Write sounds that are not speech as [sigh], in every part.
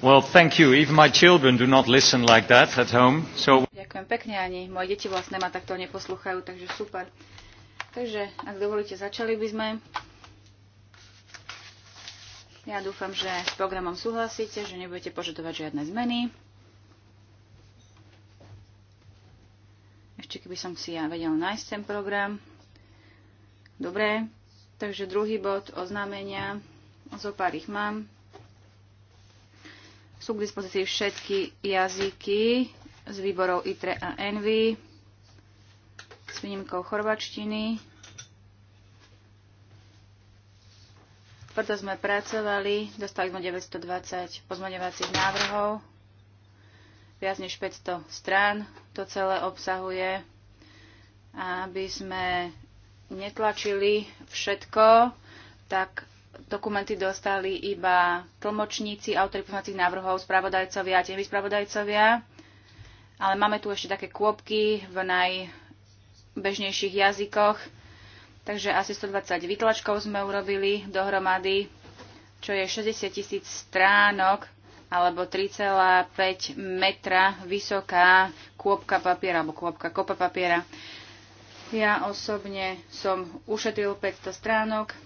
Well, thank you. Even my children do not listen like that at home. So... Ďakujem pekne, ani moje deti vlastne ma takto neposlúchajú, takže super. Takže, ak dovolíte, začali by sme. Ja dúfam, že s programom súhlasíte, že nebudete požadovať žiadne zmeny. Ešte keby som si ja vedel nájsť ten program. Dobre, takže druhý bod oznámenia. Zo pár ich mám. Sú k dispozícii všetky jazyky z výborov ITRE a ENVY s výnimkou chorvačtiny. Preto sme pracovali, dostali sme 920 pozmaňovacích návrhov, viac než 500 strán to celé obsahuje, aby sme netlačili všetko, tak dokumenty dostali iba tlmočníci, autori poznacích návrhov, spravodajcovia a tiež spravodajcovia. Ale máme tu ešte také kôpky v najbežnejších jazykoch. Takže asi 120 vytlačkov sme urobili dohromady, čo je 60 tisíc stránok alebo 3,5 metra vysoká kôpka papiera alebo kôpka kopa papiera. Ja osobne som ušetril 500 stránok,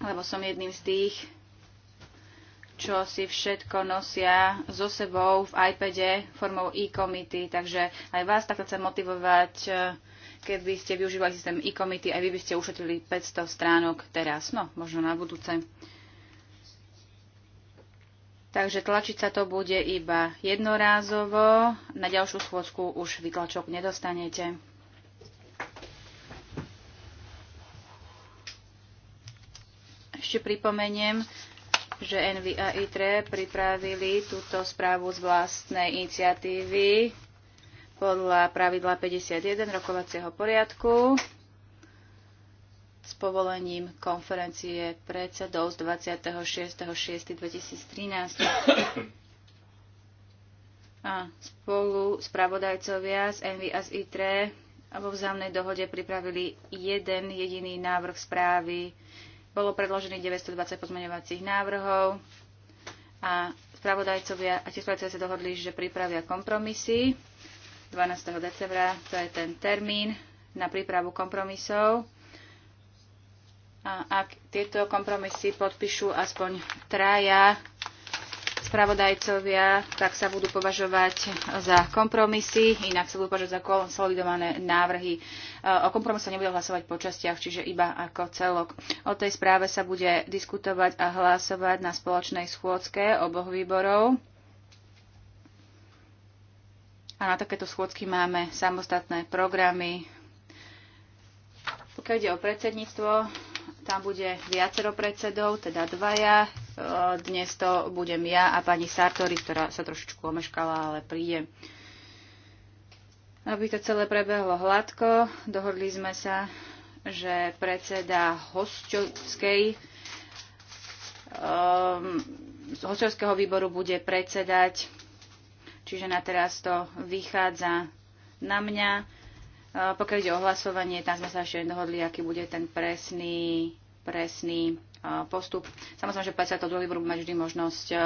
lebo som jedným z tých, čo si všetko nosia so sebou v iPade formou e-committee. Takže aj vás takto chcem motivovať, eh, keby ste využívali systém e-committee, aj vy by ste ušetrili 500 stránok teraz, no možno na budúce. Takže tlačiť sa to bude iba jednorázovo, na ďalšiu schôdzku už vytlačok nedostanete. Ešte pripomeniem, že Envy a ITRE pripravili túto správu z vlastnej iniciatívy podľa pravidla 51 rokovacieho poriadku s povolením konferencie predsedov z 26.6.2013. A spolu spravodajcovia z Envy a z ITRE vo vzájomnej dohode pripravili jeden jediný návrh správy bolo predložených 920 pozmeňovacích návrhov a spravodajcovia a tie spravodajcovia sa dohodli, že pripravia kompromisy 12. decembra, to je ten termín na prípravu kompromisov. A ak tieto kompromisy podpíšu aspoň traja spravodajcovia, tak sa budú považovať za kompromisy, inak sa budú považovať za konsolidované návrhy. O kompromise sa nebude hlasovať po častiach, čiže iba ako celok. O tej správe sa bude diskutovať a hlasovať na spoločnej schôdzke oboch výborov. A na takéto schôdzky máme samostatné programy. Pokiaľ ide o predsedníctvo, tam bude viacero predsedov, teda dvaja. Dnes to budem ja a pani Sartori, ktorá sa trošičku omeškala, ale príde. Aby to celé prebehlo hladko, dohodli sme sa, že predseda hostovskej ehm, z hostovského výboru bude predsedať, čiže na teraz to vychádza na mňa. E, pokiaľ ide o hlasovanie, tam sme sa ešte dohodli, aký bude ten presný, presný postup. Samozrejme, že 52. budú mať vždy možnosť e,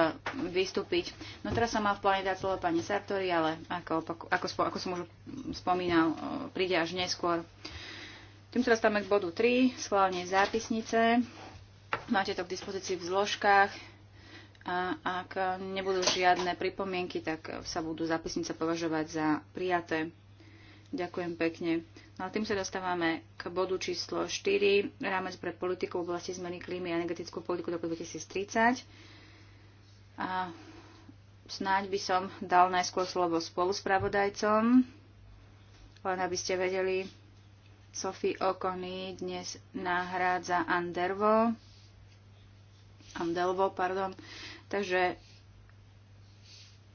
vystúpiť. No teraz sa má v pláne dať slovo pani Sartori, ale ako, ako, ako som už spomínal, e, príde až neskôr. Tým sa dostávame k bodu 3, schválenie zápisnice. Máte to k dispozícii v zložkách a ak nebudú žiadne pripomienky, tak sa budú zápisnice považovať za prijaté. Ďakujem pekne. No a tým sa dostávame k bodu číslo 4, rámec pre politiku v oblasti zmeny klímy a energetickú politiku do roku 2030. A snáď by som dal najskôr slovo spoluspravodajcom, len aby ste vedeli, Sophie Okony dnes nahrádza Andervo. Andelvo, pardon. Takže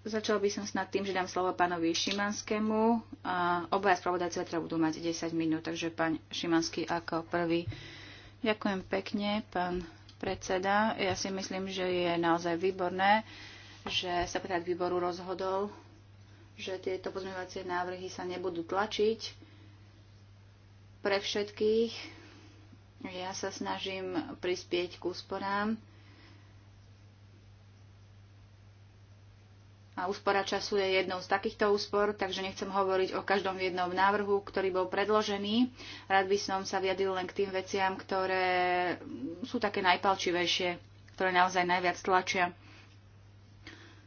Začal by som snad tým, že dám slovo pánovi Šimanskému. A obaja spravodajcovia teda budú mať 10 minút, takže pán Šimanský ako prvý. Ďakujem pekne, pán predseda. Ja si myslím, že je naozaj výborné, že sa predseda výboru rozhodol, že tieto pozmeňovacie návrhy sa nebudú tlačiť pre všetkých. Ja sa snažím prispieť k úsporám A úspora času je jednou z takýchto úspor, takže nechcem hovoriť o každom jednom návrhu, ktorý bol predložený. Rád by som sa vyjadril len k tým veciam, ktoré sú také najpalčivejšie, ktoré naozaj najviac tlačia.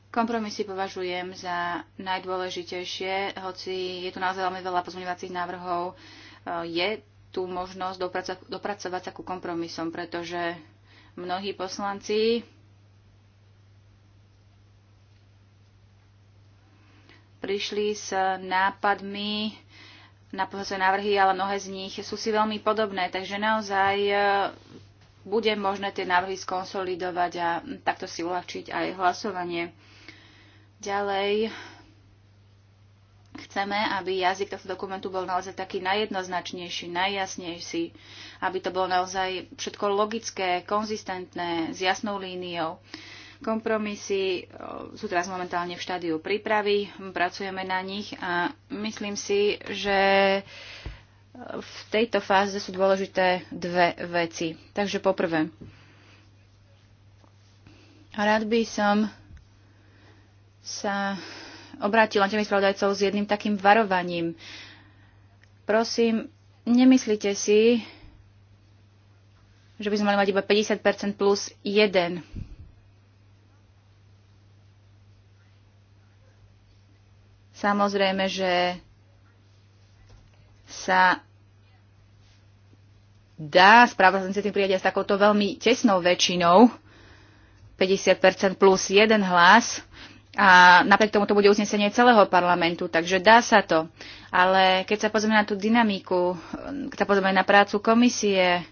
Kompromisy považujem za najdôležitejšie, hoci je tu naozaj veľmi veľa pozmeňovacích návrhov. Je tu možnosť dopracovať sa ku kompromisom, pretože mnohí poslanci prišli s nápadmi na pozornosť návrhy, ale mnohé z nich sú si veľmi podobné, takže naozaj e, bude možné tie návrhy skonsolidovať a takto si uľahčiť aj hlasovanie. Ďalej chceme, aby jazyk tohto dokumentu bol naozaj taký najjednoznačnejší, najjasnejší, aby to bolo naozaj všetko logické, konzistentné, s jasnou líniou. Kompromisy sú teraz momentálne v štádiu prípravy, pracujeme na nich a myslím si, že e, v tejto fáze sú dôležité dve veci. Takže poprvé, rád by som sa obrátila tými spravodajcov s jedným takým varovaním. Prosím, nemyslite si, že by sme mali mať iba 50% plus 1 Samozrejme, že sa dá správa sa tým prijať aj s takouto veľmi tesnou väčšinou, 50% plus jeden hlas, a napriek tomu to bude uznesenie celého parlamentu, takže dá sa to. Ale keď sa pozrieme na tú dynamiku, keď sa pozrieme na prácu komisie,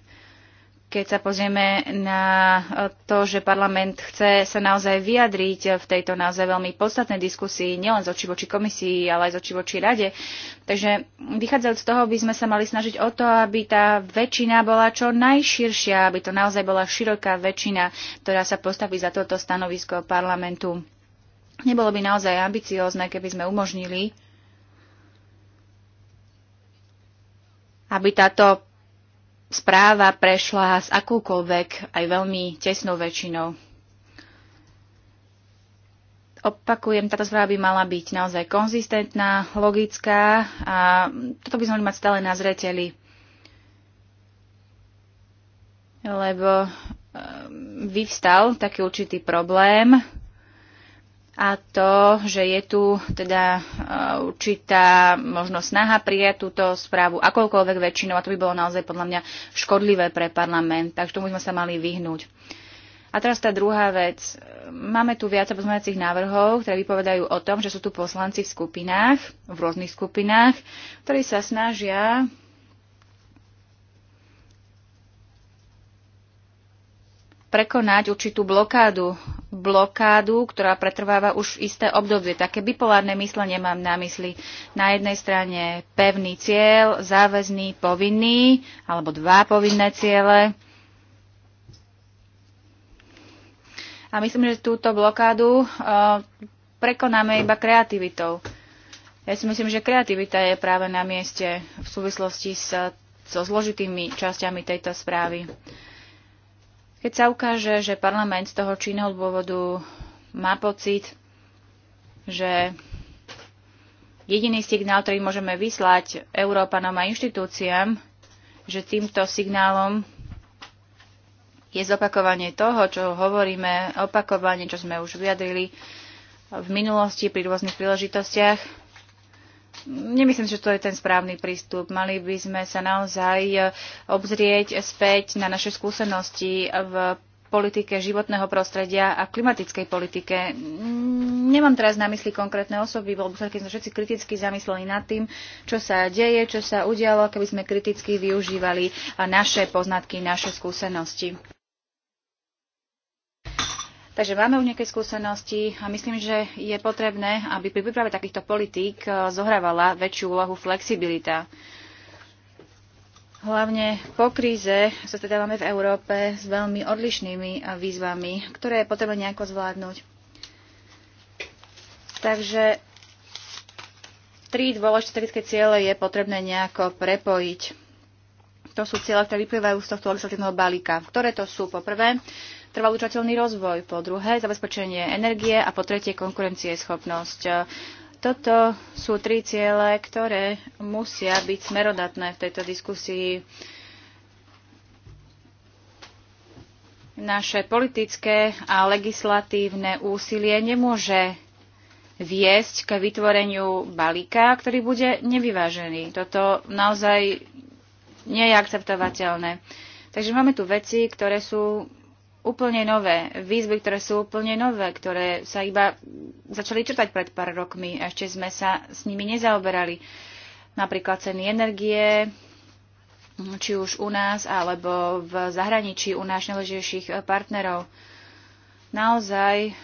keď sa pozrieme na e, to, že parlament chce sa naozaj vyjadriť e, v tejto naozaj veľmi podstatnej diskusii, nielen z oči voči komisii, ale aj z oči voči rade. Takže vychádzajúc z toho by sme sa mali snažiť o to, aby tá väčšina bola čo najširšia, aby to naozaj bola široká väčšina, ktorá sa postaví za toto stanovisko parlamentu. Nebolo by naozaj ambiciózne, keby sme umožnili, aby táto správa prešla s akúkoľvek aj veľmi tesnou väčšinou. Opakujem, táto správa by mala byť naozaj konzistentná, logická a toto by sme mali mať stále na zreteli. Lebo ehm, vyvstal taký určitý problém, a to, že je tu teda e, určitá možno snaha prijať túto správu akoľkoľvek väčšinou a to by bolo naozaj podľa mňa škodlivé pre parlament, takže tomu sme sa mali vyhnúť. A teraz tá druhá vec. Máme tu viac pozmeňujúcich návrhov, ktoré vypovedajú o tom, že sú tu poslanci v skupinách, v rôznych skupinách, ktorí sa snažia prekonať určitú blokádu. Blokádu, ktorá pretrváva už isté obdobie. Také bipolárne myslenie mám na mysli. Na jednej strane pevný cieľ, záväzný, povinný, alebo dva povinné ciele. A myslím, že túto blokádu e, prekonáme iba kreativitou. Ja si myslím, že kreativita je práve na mieste v súvislosti s, so zložitými časťami tejto správy. Keď sa ukáže, že parlament z toho činného dôvodu má pocit, že jediný signál, ktorý môžeme vyslať Európanom a inštitúciám, že týmto signálom je zopakovanie toho, čo hovoríme, opakovanie, čo sme už vyjadrili v minulosti pri rôznych príležitostiach, Nemyslím, že to je ten správny prístup. Mali by sme sa naozaj e, obzrieť späť na naše skúsenosti v politike životného prostredia a klimatickej politike. Nemám teraz na mysli konkrétne osoby, lebo sa keď sme všetci kriticky zamysleli nad tým, čo sa deje, čo sa udialo, keby sme kriticky využívali naše poznatky, naše skúsenosti. Takže máme už nejaké skúsenosti a myslím, že je potrebné, aby pri príprave takýchto politík e, zohrávala väčšiu úlohu flexibilita. Hlavne po kríze sa stretávame teda v Európe s veľmi odlišnými výzvami, ktoré je potrebné nejako zvládnuť. Takže tri dôležité strategické ciele je potrebné nejako prepojiť. To sú ciele, ktoré vyplývajú z tohto legislatívneho balíka. Ktoré to sú? Poprvé, Trvá udržateľný rozvoj, po druhé zabezpečenie energie a po tretie konkurencieschopnosť. Toto sú tri ciele, ktoré musia byť smerodatné v tejto diskusii. Naše politické a legislatívne úsilie nemôže viesť k vytvoreniu balíka, ktorý bude nevyvážený. Toto naozaj nie je akceptovateľné. Takže máme tu veci, ktoré sú úplne nové, výzvy, ktoré sú úplne nové, ktoré sa iba začali črtať pred pár rokmi. Ešte sme sa s nimi nezaoberali. Napríklad ceny energie, či už u nás, alebo v zahraničí u náš najležitejších partnerov. Naozaj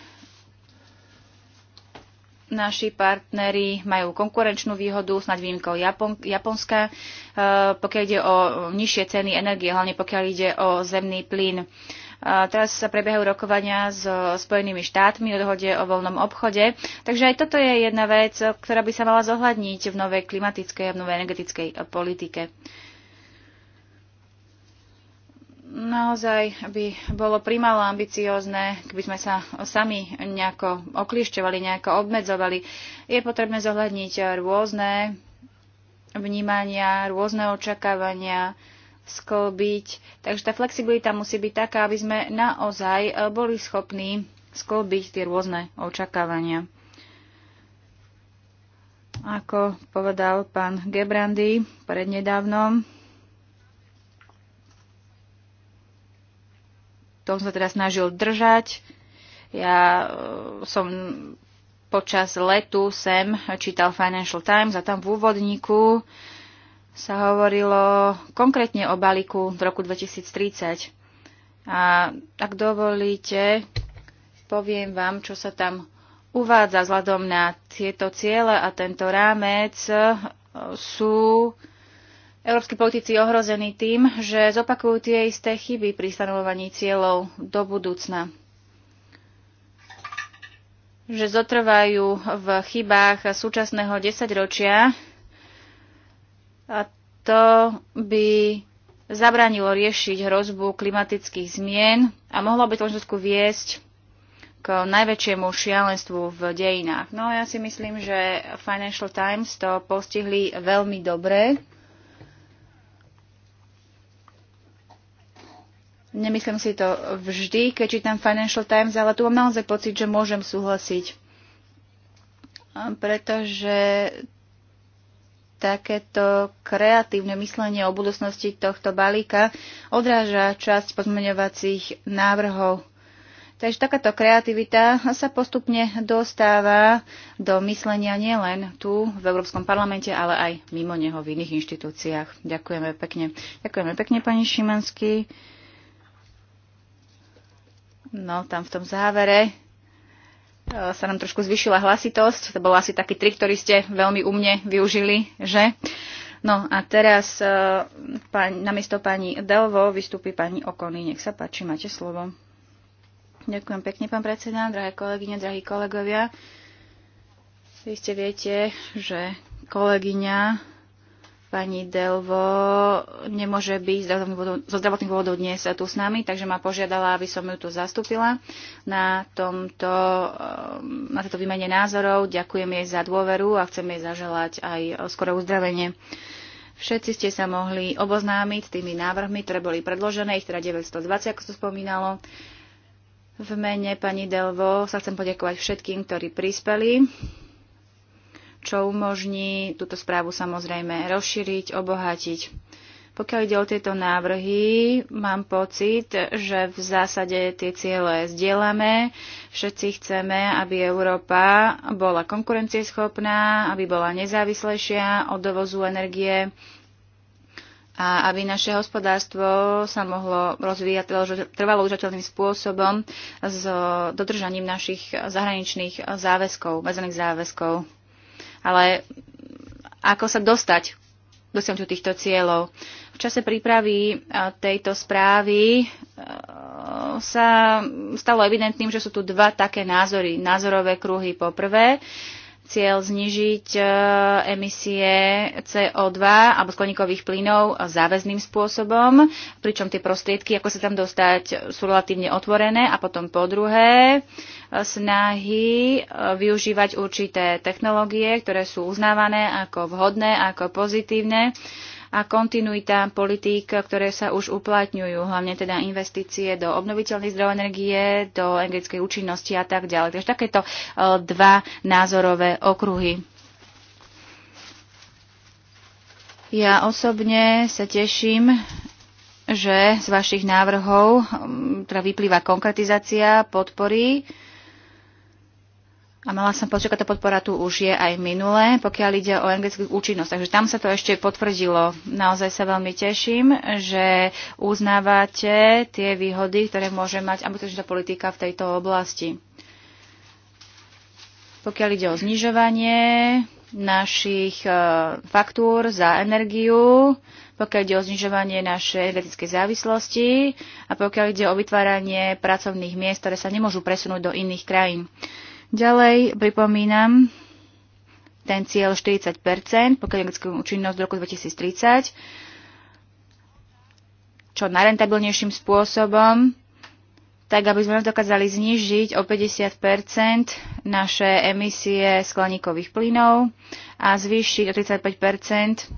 naši partneri majú konkurenčnú výhodu, snad výnimkou Japon- Japonska, eh, pokiaľ ide o nižšie ceny energie, hlavne pokiaľ ide o zemný plyn. Teraz sa prebiehajú rokovania s Spojenými štátmi o dohode o voľnom obchode. Takže aj toto je jedna vec, ktorá by sa mala zohľadniť v novej klimatickej a v novej energetickej politike naozaj by bolo primalo ambiciózne, keby sme sa sami nejako okliešťovali, nejako obmedzovali. Je potrebné zohľadniť rôzne vnímania, rôzne očakávania, sklbiť. Takže tá flexibilita musí byť taká, aby sme naozaj e, boli schopní sklbiť tie rôzne očakávania. Ako povedal pán Gebrandy prednedávnom, to som sa teda snažil držať. Ja e, som počas letu sem čítal Financial Times a tam v úvodníku uh, sa hovorilo konkrétne o balíku v roku 2030. A ak dovolíte, poviem vám, čo sa tam uvádza vzhľadom na tieto ciele a tento rámec e, sú európsky politici ohrození tým, že zopakujú tie isté chyby pri stanovovaní cieľov do budúcna že zotrvajú v chybách súčasného desaťročia, a to by zabránilo riešiť hrozbu klimatických zmien a mohlo by to Slovensko viesť k najväčšiemu šialenstvu v dejinách. No ja si myslím, že Financial Times to postihli veľmi dobre. Nemyslím si to vždy, keď čítam Financial Times, ale tu mám naozaj pocit, že môžem súhlasiť. Pretože takéto kreatívne myslenie o budúcnosti tohto balíka odráža časť pozmeňovacích návrhov. Takže takáto kreativita sa postupne dostáva do myslenia nielen tu v Európskom parlamente, ale aj mimo neho v iných inštitúciách. Ďakujeme pekne. Ďakujeme pekne, pani Šimanský. No, tam v tom závere E, sa nám trošku zvyšila hlasitosť. To bol asi taký trik, ktorý ste veľmi umne využili, že? No a teraz e, pán, namiesto pani Delvo vystúpi pani Okony. Nech sa páči, máte slovo. Ďakujem pekne, pán predseda, drahé kolegyne, drahí kolegovia. Vy ste viete, že kolegyňa Pani Delvo nemôže byť zo zdravotných dôvodov dnes tu s nami, takže ma požiadala, aby som ju tu zastúpila na, tomto, ehm, na tejto výmene názorov. Ďakujem jej za dôveru a chcem jej zaželať aj skoré uzdravenie. Všetci ste sa mohli oboznámiť s tými návrhmi, ktoré boli predložené, ich teda 920, ako sa spomínalo. V mene pani Delvo sa chcem poďakovať všetkým, ktorí prispeli čo umožní túto správu samozrejme rozšíriť, obohatiť. Pokiaľ ide o tieto návrhy, mám pocit, že v zásade tie ciele zdieľame. Všetci chceme, aby Európa bola konkurencieschopná, aby bola nezávislejšia od dovozu energie a aby naše hospodárstvo sa mohlo rozvíjať trvalo užateľným spôsobom s dodržaním našich zahraničných záväzkov, medzených záväzkov. Ale ako sa dostať dosiahnutiu týchto cieľov. V čase prípravy tejto správy sa stalo evidentným, že sú tu dva také názory. Názorové kruhy po prvé cieľ znižiť e, emisie CO2 alebo skleníkových plynov záväzným spôsobom, pričom tie prostriedky, ako sa tam dostať, sú relatívne otvorené. A potom po druhé, e, snahy e, využívať určité technológie, ktoré sú uznávané ako vhodné, ako pozitívne a kontinuita politík, ktoré sa už uplatňujú, hlavne teda investície do obnoviteľných zdrojov energie, do energetickej účinnosti a tak ďalej. Takže takéto e, dva názorové okruhy. Ja osobne sa teším, že z vašich návrhov, ktorá teda vyplýva konkretizácia podpory, a mala som pocit, že tá podpora tu už je aj minulé, pokiaľ ide o energetickú účinnosť. Takže tam sa to ešte potvrdilo. Naozaj sa veľmi teším, že uznávate tie výhody, ktoré môže mať ambiciozná politika v tejto oblasti. Pokiaľ ide o znižovanie našich e, faktúr za energiu, pokiaľ ide o znižovanie našej energetickej závislosti a pokiaľ ide o vytváranie pracovných miest, ktoré sa nemôžu presunúť do iných krajín. Ďalej pripomínam ten cieľ 40 pokiaľ energetickú účinnosť do roku 2030 čo najrentabilnejším spôsobom, tak aby sme dokázali znižiť o 50 naše emisie skleníkových plynov a zvýšiť o 35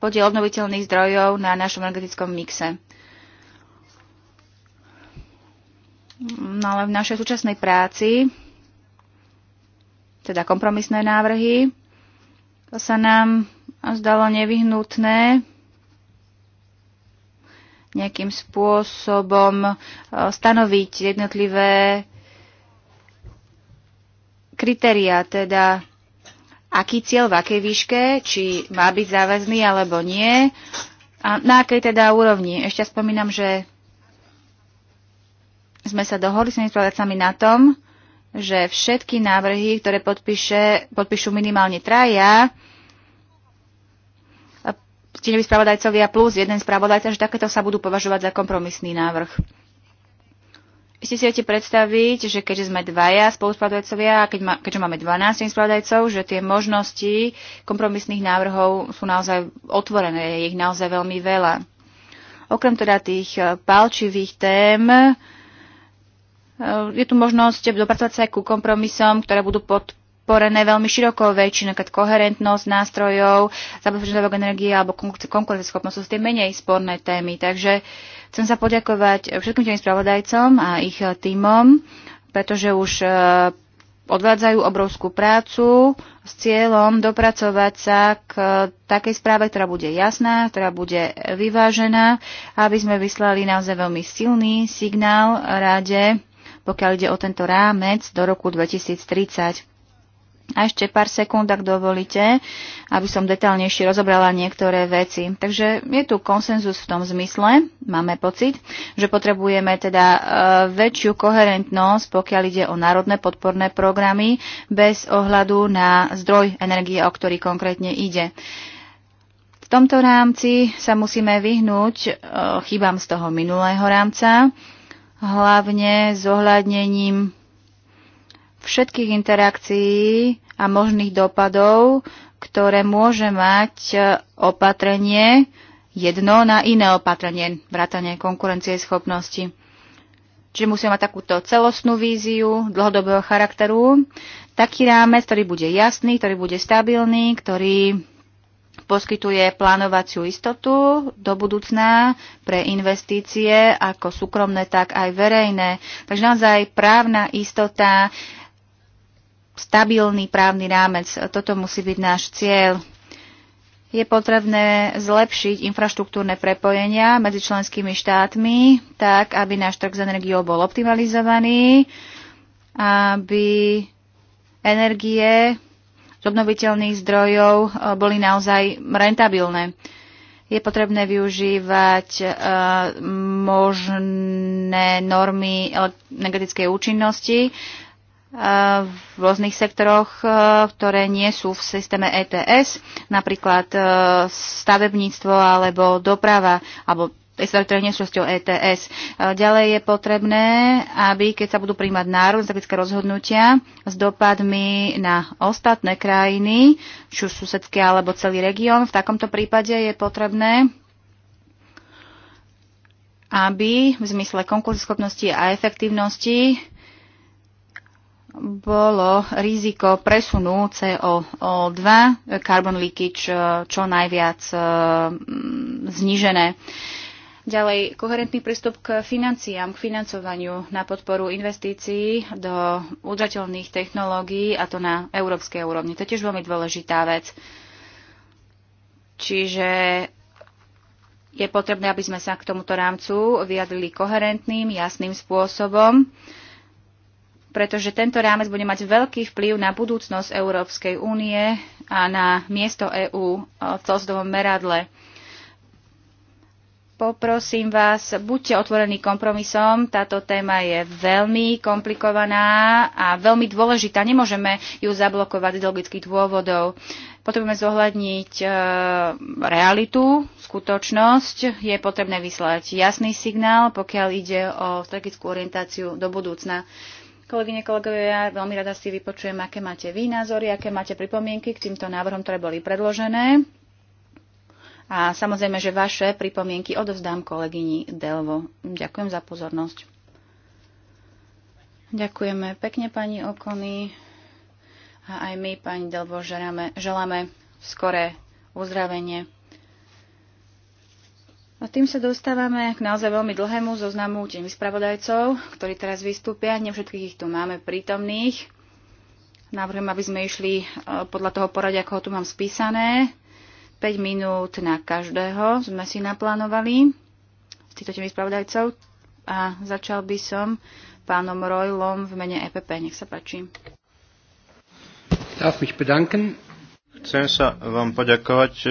podiel obnoviteľných zdrojov na našom energetickom mixe. No ale v našej súčasnej práci, teda kompromisné návrhy, to sa nám zdalo nevyhnutné nejakým spôsobom e, stanoviť jednotlivé kritéria, teda aký cieľ v akej výške, či má byť záväzný alebo nie, a na akej teda úrovni. Ešte spomínam, že sme sa dohodli s spravodajcami na tom, že všetky návrhy, ktoré podpíše, podpíšu minimálne traja, tieňoví spravodajcovia plus jeden spravodajca, že takéto sa budú považovať za kompromisný návrh. Ste si viete predstaviť, že keďže sme dvaja spoluspravodajcovia a keď ma, keďže máme 12 spravodajcov, že tie možnosti kompromisných návrhov sú naozaj otvorené, je ich naozaj veľmi veľa. Okrem teda tých palčivých tém, Eh, je tu možnosť dopracovať sa aj ku kompromisom, ktoré budú podporené veľmi širokou väčšinou, napríklad koherentnosť nástrojov, zabezpečenie energie alebo konkurenceschopnosť sú tie menej sporné témy. Takže chcem sa poďakovať všetkým tým spravodajcom a ich eh, týmom, pretože už eh, odvádzajú obrovskú prácu s cieľom dopracovať sa k takej správe, ktorá bude jasná, ktorá bude vyvážená, aby sme vyslali naozaj veľmi silný signál rade pokiaľ ide o tento rámec do roku 2030. A ešte pár sekúnd, ak dovolíte, aby som detaľnejšie rozobrala niektoré veci. Takže je tu konsenzus v tom zmysle, máme pocit, že potrebujeme teda e, väčšiu koherentnosť, pokiaľ ide o národné podporné programy, bez ohľadu na zdroj energie, o ktorý konkrétne ide. V tomto rámci sa musíme vyhnúť e, chybám z toho minulého rámca, hlavne zohľadnením všetkých interakcií a možných dopadov, ktoré môže mať e, opatrenie jedno na iné opatrenie, vrátanie konkurencie schopnosti. Čiže musíme mať takúto celostnú víziu dlhodobého charakteru, taký rámec, ktorý bude jasný, ktorý bude stabilný, ktorý poskytuje plánovaciu istotu do budúcna pre investície, ako súkromné, tak aj verejné. Takže naozaj právna istota, stabilný právny rámec, toto musí byť náš cieľ. Je potrebné zlepšiť infraštruktúrne prepojenia medzi členskými štátmi, tak aby náš trh s energiou bol optimalizovaný, aby energie z obnoviteľných zdrojov e, boli naozaj rentabilné. Je potrebné využívať e, možné normy energetickej účinnosti e, v rôznych sektoroch, ktoré nie sú v systéme ETS, napríklad stavebníctvo alebo doprava alebo ktoré nie ETS. Ďalej je potrebné, aby keď sa budú príjmať národné strategické rozhodnutia s dopadmi na ostatné krajiny, či už susedské alebo celý región, v takomto prípade je potrebné aby v zmysle konkurenceschopnosti a efektívnosti bolo riziko presunu CO2, carbon leakage, čo najviac mm, znižené. Ďalej, koherentný prístup k financiám, k financovaniu na podporu investícií do udržateľných technológií a to na európskej úrovni. To je tiež veľmi dôležitá vec. Čiže je potrebné, aby sme sa k tomuto rámcu vyjadrili koherentným, jasným spôsobom, pretože tento rámec bude mať veľký vplyv na budúcnosť Európskej únie a na miesto EÚ v celosvedovom meradle. Poprosím vás, buďte otvorení kompromisom. Táto téma je veľmi komplikovaná a veľmi dôležitá. Nemôžeme ju zablokovať z logických dôvodov. Potrebujeme zohľadniť e, realitu, skutočnosť. Je potrebné vyslať jasný signál, pokiaľ ide o strategickú orientáciu do budúcna. Kolegyne, kolegovia, ja veľmi rada si vypočujem, aké máte vy názory, aké máte pripomienky k týmto návrhom, ktoré boli predložené a samozrejme, že vaše pripomienky odovzdám kolegyni Delvo. Ďakujem za pozornosť. Ďakujeme pekne pani Okony a aj my pani Delvo želáme, želáme skoré uzdravenie. A tým sa dostávame k naozaj veľmi dlhému zoznamu tým spravodajcov, ktorí teraz vystúpia. Ne všetkých ich tu máme prítomných. Navrhujem, aby sme išli eh, podľa toho poradia, ako ho tu mám spísané. 5 minút na každého sme si naplánovali s týchto tými spravodajcov a začal by som pánom Rojlom v mene EPP. Nech sa páči. Darf mich bedanken. Chcem sa vám poďakovať. E,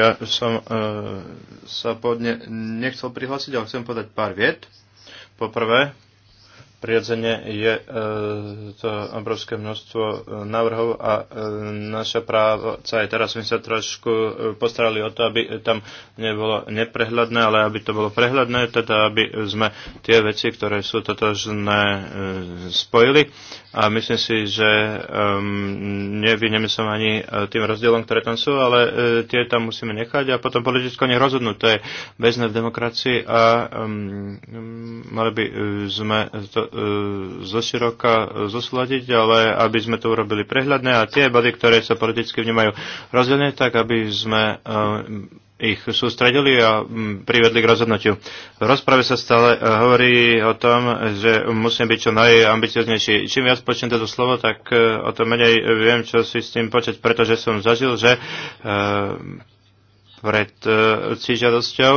ja som e, sa podne nechcel prihlásiť, ale chcem podať pár viet. Poprvé, prirodzene je e, to obrovské množstvo e, návrhov a e, naša práca aj teraz sme sa trošku postarali o to, aby tam nebolo neprehľadné, ale aby to bolo prehľadné, teda aby sme tie veci, ktoré sú totožné, spojili. A myslím si, že um, nevyneme som ani tým rozdielom, ktoré tam sú, ale uh, tie tam musíme nechať a potom politicko nech rozhodnú. To je bezné v demokracii a um, mali by sme to E, zoširoka e, zosladiť, ale aby sme to urobili prehľadné a tie body, ktoré sa politicky vnímajú rozdielne, tak aby sme e, ich sústredili a privedli k rozhodnutiu. V rozprave sa stále hovorí o tom, že musím byť čo najambicioznejší. Čím viac počnem toto slovo, tak o to menej viem, čo si s tým počať, pretože som zažil, že pred cížadosťou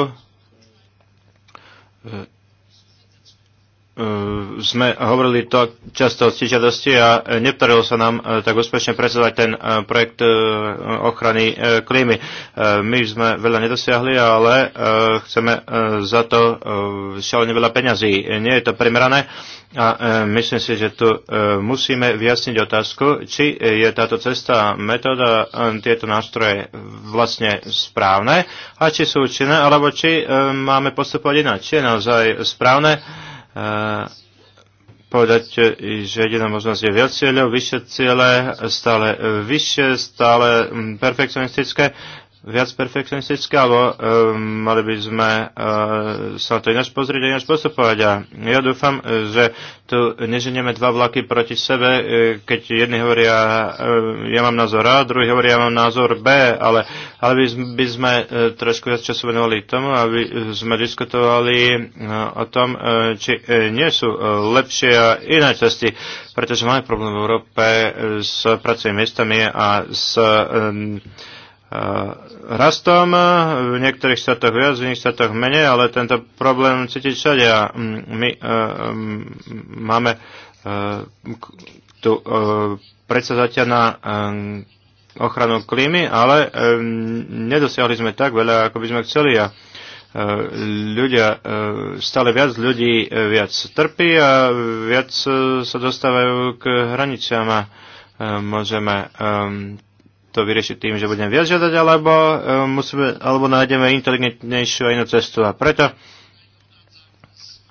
E, sme hovorili to často o stiažadosti a e, nepodarilo sa nám e, tak úspešne predsedať ten projekt ochrany klímy. My sme veľa nedosiahli, ale chceme za to šalene veľa peňazí. Nie je to primerané a myslím si, že tu musíme vyjasniť otázku, či je táto cesta, metóda, tieto nástroje vlastne správne a či sú účinné, alebo či máme postupovať ináč. Či je naozaj správne E, povedať, že jediná možnosť je viac cieľov, vyššie ciele, stále vyššie, stále mm, perfekcionistické viac perfekcionistické, alebo um, mali by sme uh, sa na to ináč pozrieť a ináč postupovať. A ja dúfam, eh, že tu neženieme dva vlaky proti sebe, eh, keď jedni hovoria, uh, ja mám názor A, druhý hovorí, ja mám názor B, ale, ale by, by sme uh, trošku viac času venovali tomu, aby sme diskutovali uh, o tom, uh, či uh, nie sú uh, lepšie a iné cesty, pretože máme problém v Európe s pracovými miestami a s um, Eh, rastom, eh, v niektorých štátoch viac, v iných štátoch menej, ale tento problém cítiť všade a mm, my uh, máme uh, tu uh, predsazatia na uh, ochranu klímy, ale um, nedosiahli sme tak veľa, ako by sme chceli a ľudia, stále viac ľudí viac trpí a viac sa dostávajú k hraniciam a môžeme to vyriešiť tým, že budem viac žiadať, alebo, e, musíme, alebo nájdeme inteligentnejšiu a inú cestu. A preto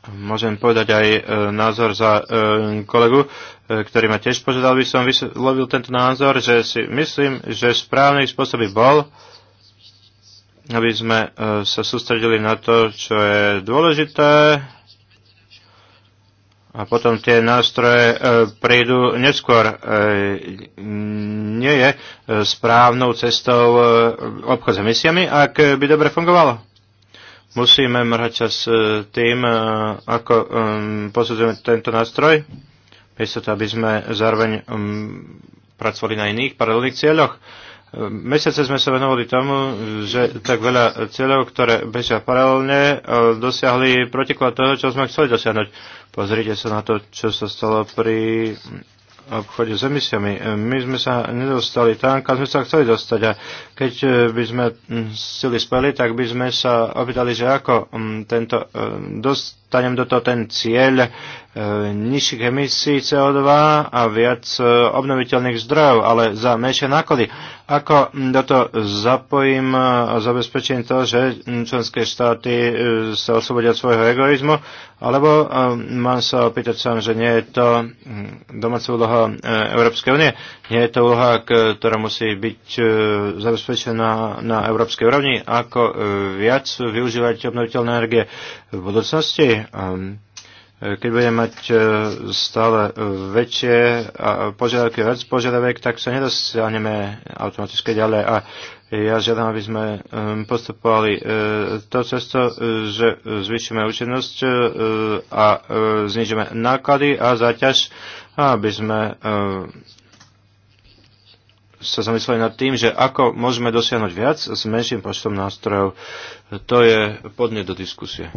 môžem povedať aj e, názor za e, kolegu, ktorý ma tiež požiadal, by som vyslovil tento názor, že si myslím, že správny spôsob by bol, aby sme sa sústredili na to, čo je dôležité, a potom tie nástroje e, prídu neskôr. E, nie je e, správnou cestou obchod s emisiami, ak by dobre fungovalo. Musíme mrhať čas s tým, ako posudzujeme tento nástroj, miesto to, aby sme zároveň pracovali na iných paralelných cieľoch. Mesiace sme sa venovali tomu, že tak veľa cieľov, ktoré bežia paralelne, dosiahli protiklad toho, čo sme chceli dosiahnuť. Pozrite sa na to, čo sa stalo pri obchode s emisiami. My sme sa nedostali tam, kam sme sa chceli dostať a keď e, by sme mm, sily speli, tak by sme sa opýtali, že ako mm, tento e, dost dostanem do toho ten cieľ e, nižších emisí CO2 a viac e, obnoviteľných zdrojov, ale za menšie náklady. Ako do toho zapojím e, a zabezpečím to, že členské štáty sa oslobodia svojho egoizmu, alebo mám sa opýtať sám, že nie je to domáca úloha Európskej únie, nie je to úloha, ktorá musí byť zabezpečená na európskej úrovni, ako viac využívať obnoviteľné energie v budúcnosti e, keď budeme mať e, stále väčšie požiadavky, viac požiadavek, tak sa nedosiahneme automaticky ďalej. A ja žiadam, aby sme e, postupovali to cesto, že zvýšime účinnosť a znižíme náklady a zaťaž, aby sme sa zamysleli nad tým, že ako môžeme dosiahnuť viac s menším počtom nástrojov. To je podne do diskusie.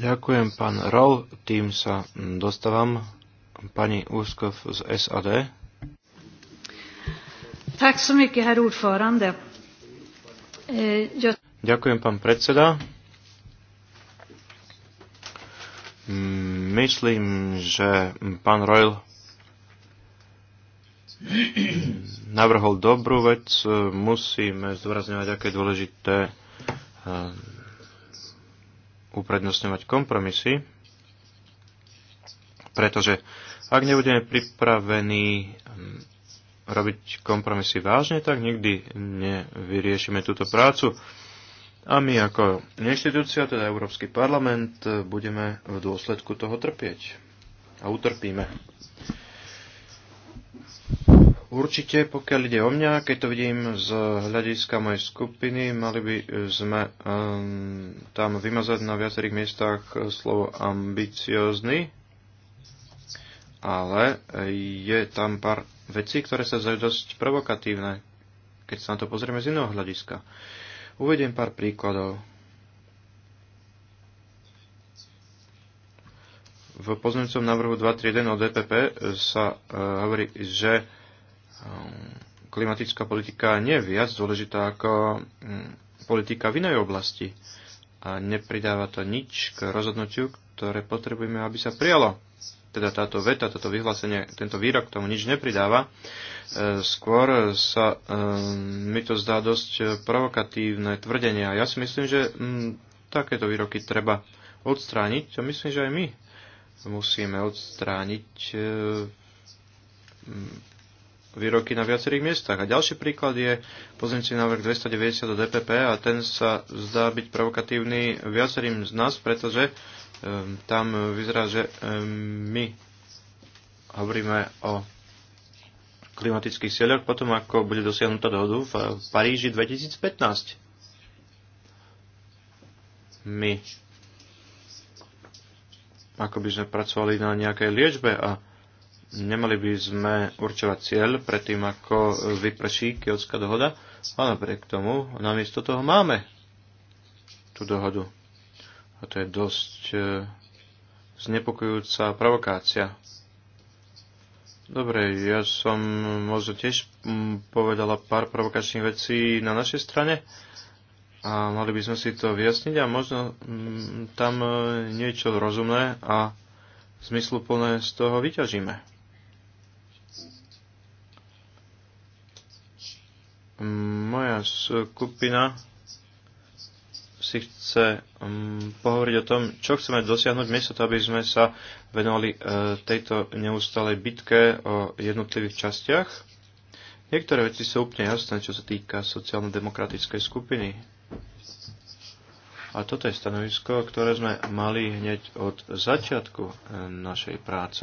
Ďakujem, pán Rol. Tým sa dostávam pani Úskov z SAD. Tak so mycket, herr ordförande. Ďakujem, pán predseda. Mm, myslím, že pán Royal navrhol dobrú vec. Musíme zdôrazňovať, aké je dôležité eh, uprednostňovať kompromisy, pretože ak nebudeme pripravení mm, robiť kompromisy vážne, tak nikdy nevyriešime túto prácu. A my ako inštitúcia, teda Európsky parlament, budeme v dôsledku toho trpieť. A utrpíme. Určite, pokiaľ ide o mňa, keď to vidím z hľadiska mojej skupiny, mali by e, sme um, tam vymazať na viacerých miestach e, slovo ambiciózny, ale e, je tam pár vecí, ktoré sa zdajú dosť provokatívne, keď sa na to pozrieme z iného hľadiska. Uvediem pár príkladov. V poznúcom návrhu 231 od DPP sa uh, hovorí, že Um, klimatická politika nie je viac dôležitá ako um, politika v inej oblasti a nepridáva to nič k rozhodnutiu, ktoré potrebujeme, aby sa prijalo. Teda táto veta, toto vyhlásenie, tento výrok tomu nič nepridáva. E, skôr sa um, mi to zdá dosť provokatívne tvrdenie a ja si myslím, že takéto výroky treba odstrániť a myslím, že aj my musíme odstrániť e, výroky na viacerých miestach. A ďalší príklad je pozemci návrh 290 do DPP a ten sa zdá byť provokatívny viacerým z nás, pretože um, tam vyzerá, že um, my hovoríme o klimatických cieľoch potom, ako bude dosiahnutá dohodu v Paríži 2015. My ako by sme pracovali na nejakej liečbe a Nemali by sme určovať cieľ predtým, ako vyprší Kiotská dohoda, ale napriek tomu namiesto toho máme tú dohodu. A to je dosť e, znepokojujúca provokácia. Dobre, ja som možno tiež povedala pár provokačných vecí na našej strane a mali by sme si to vyjasniť a možno tam e, niečo rozumné a zmysluplné z toho vyťažíme. moja skupina si chce um, pohovoriť o tom, čo chceme dosiahnuť, miesto to, aby sme sa venovali uh, tejto neustalej bitke o jednotlivých častiach. Niektoré veci sú úplne jasné, čo sa týka sociálno-demokratickej skupiny. A toto je stanovisko, ktoré sme mali hneď od začiatku e, našej práce.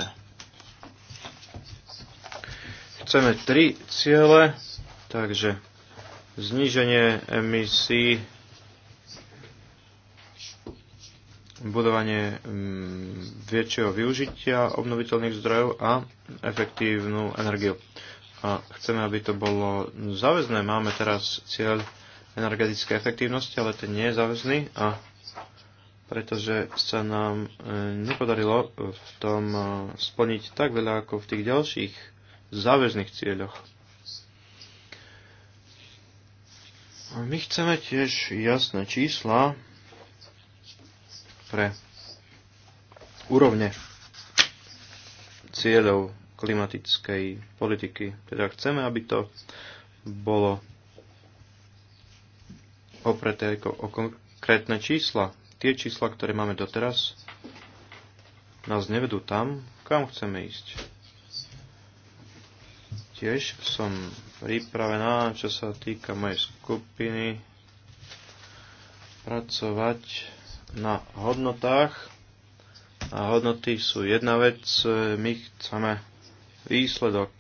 Chceme tri ciele Takže zníženie emisí, budovanie mm, väčšieho využitia obnoviteľných zdrojov a efektívnu energiu. A chceme, aby to bolo záväzné. Máme teraz cieľ energetické efektívnosti, ale ten nie je záväzný a pretože sa nám e, nepodarilo v tom e, splniť tak veľa ako v tých ďalších záväzných cieľoch. My chceme tiež jasné čísla pre úrovne cieľov klimatickej politiky. Teda chceme, aby to bolo opreté o konkrétne čísla. Tie čísla, ktoré máme doteraz, nás nevedú tam, kam chceme ísť. Tiež som pripravená, čo sa týka mojej skupiny, pracovať na hodnotách. A hodnoty sú jedna vec, my chceme výsledok.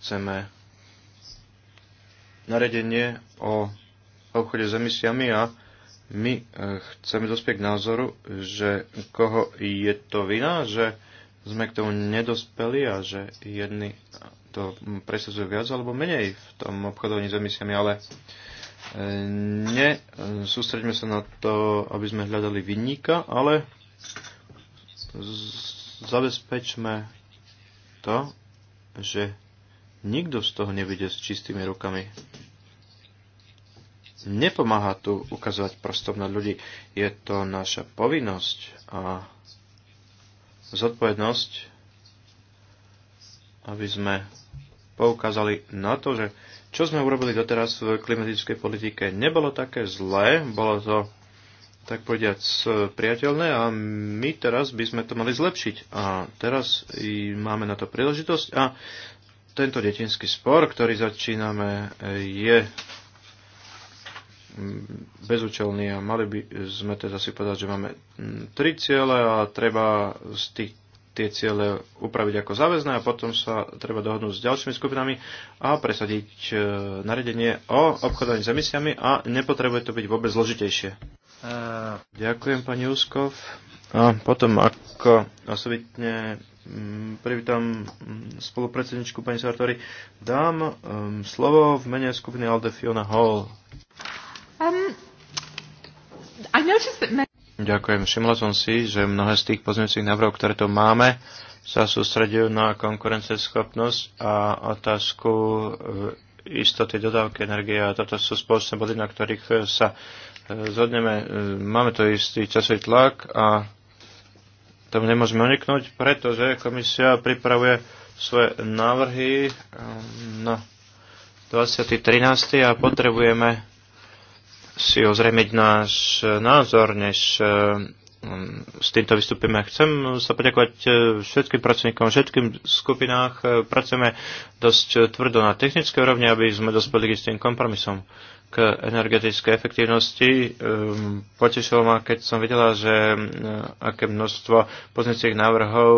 Chceme naredenie o obchode s emisiami a my eh, chceme dospieť k názoru, že koho je to vina, že sme k tomu nedospeli a že jedni to presadzujú viac alebo menej v tom obchodovaní s emisiami, ale e, sústredíme sa na to, aby sme hľadali vinníka, ale zabezpečme to, že nikto z toho nevidie s čistými rukami nepomáha tu ukazovať prstom na ľudí. Je to naša povinnosť a zodpovednosť, aby sme poukázali na to, že čo sme urobili doteraz v klimatickej politike nebolo také zlé, bolo to tak povediac priateľné a my teraz by sme to mali zlepšiť. A teraz máme na to príležitosť a tento detinský spor, ktorý začíname, je bezúčelní a mali by sme teda si povedať, že máme mm, tri ciele a treba z tých tie ciele upraviť ako záväzné a potom sa treba dohodnúť s ďalšími skupinami a presadiť e, naredenie o obchodovaní s emisiami a nepotrebuje to byť vôbec zložitejšie. A... E. Ďakujem, pani Úskov. A potom ako osobitne mm, privítam mm, spolupredsedničku pani Sartori. Dám um, slovo v mene skupiny Alde Fiona Hall. Um, Ďakujem. Všimla som si, že mnohé z tých pozmeňujúcich návrhov, ktoré tu máme, sa sústredujú na konkurenceschopnosť a otázku e, istoty dodávky energie. A toto sú spoločné body, na ktorých e, sa e, zhodneme. Máme tu istý časový tlak a tomu nemôžeme uniknúť, pretože komisia pripravuje svoje návrhy na 20.13. a potrebujeme si ozrejmeť náš eh, názor, než eh, mm, s týmto vystúpime. Chcem sa poďakovať eh, všetkým pracovníkom, všetkým skupinách. Pracujeme dosť tvrdo na technické úrovni, aby sme dospeli k istým kompromisom k energetickej efektívnosti. Potešilo ma, keď som videla, že aké množstvo pozíciách návrhov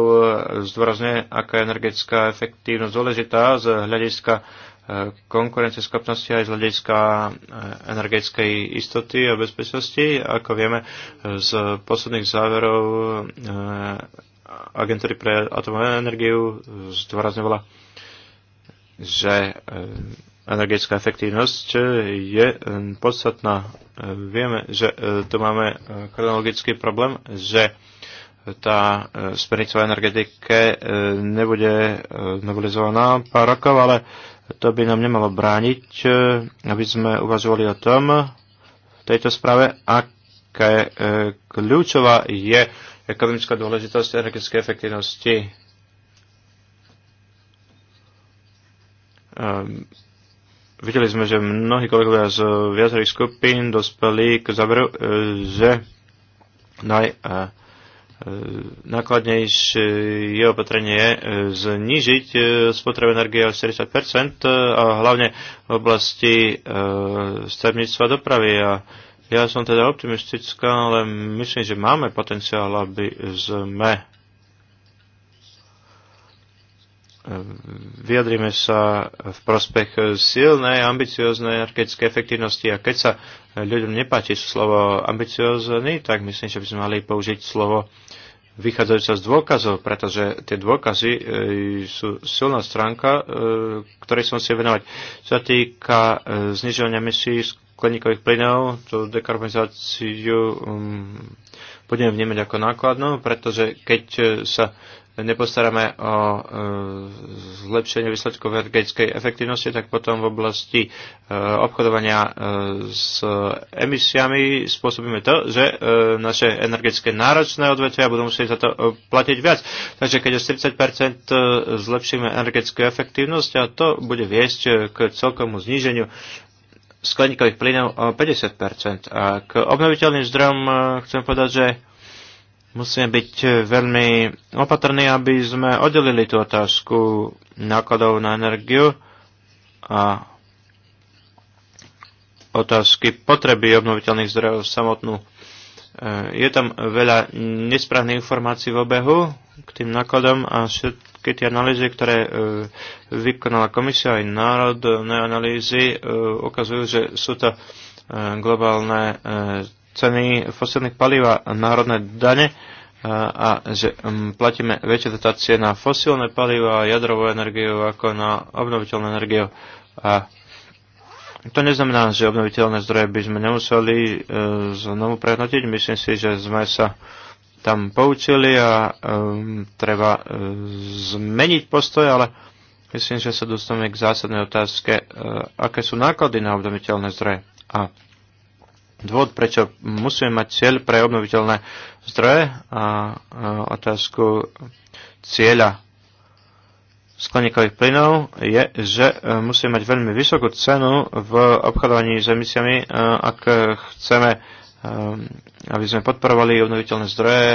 zdôrazňuje, aká je energetická efektívnosť dôležitá z hľadiska konkurenceschopnosti aj z hľadiska eh, energetickej istoty a bezpečnosti. Ako vieme eh, z posledných záverov eh, agentúry pre atomovú energiu zdôrazňovala, že energetická efektívnosť je podstatná. Vieme, že tu máme chronologický problém, že tá smernica o energetike nebude novelizovaná pár rokov, ale to by nám nemalo brániť, e, aby sme uvažovali o tom v tejto správe, aká e, kľúčová je ekonomická dôležitosť energetickej efektivnosti. Ehm, videli sme, že mnohí kolegovia z viacerých skupín dospeli k záveru, e, že naj, uh, nákladnejšie opatrenie e, znižiť e, spotrebu energie o 40 e, a hlavne v oblasti stavebníctva dopravy. A ja som teda optimistická, ale myslím, že máme potenciál, aby sme vyjadrime sa v prospech silnej, ambicioznej energetickej efektivnosti a keď sa ľuďom nepáči slovo ambiciozný, tak myslím, že by sme mali použiť slovo vychádzajúca z dôkazov, pretože tie dôkazy e, sú silná stránka, e, ktorej som si venovať. Čo sa týka e, znižovania emisí skleníkových plynov, tú dekarbonizáciu um, budeme vnímať ako nákladnú, pretože keď sa nepostaráme o e, zlepšenie výsledkov energetickej efektivnosti, tak potom v oblasti e, obchodovania e, s emisiami spôsobíme to, že naše energetické náročné odvetvia budú musieť za to platiť viac. Takže keď o 30 zlepšíme energetickú efektívnosť a to bude viesť k celkomu zníženiu skleníkových plynov o 50 A k obnoviteľným zdrojom chcem povedať, že musíme byť e, veľmi opatrní, aby sme oddelili tú otázku nákladov na energiu a otázky potreby obnoviteľných zdrojov samotnú. E, je tam veľa nesprávnych informácií v obehu k tým nákladom a všetky tie analýzy, ktoré e, vykonala komisia aj národné analýzy, ukazujú, že sú to globálne ceny fosilných palív a národné dane a že platíme väčšie dotácie na fosilné palivo a jadrovú energiu ako na obnoviteľnú energiu. A to neznamená, že obnoviteľné zdroje by sme nemuseli e, znovu prehnotiť. Myslím si, že sme sa tam poučili a um, treba um, zmeniť postoj, ale myslím, že sa dostaneme k zásadnej otázke, uh, aké sú náklady na obnoviteľné zdroje. A dôvod, prečo musíme mať cieľ pre obnoviteľné zdroje a otázku cieľa skleníkových plynov je, že e, musíme mať veľmi vysokú cenu v obchodovaní s emisiami, e, ak chceme, e, aby sme podporovali obnoviteľné zdroje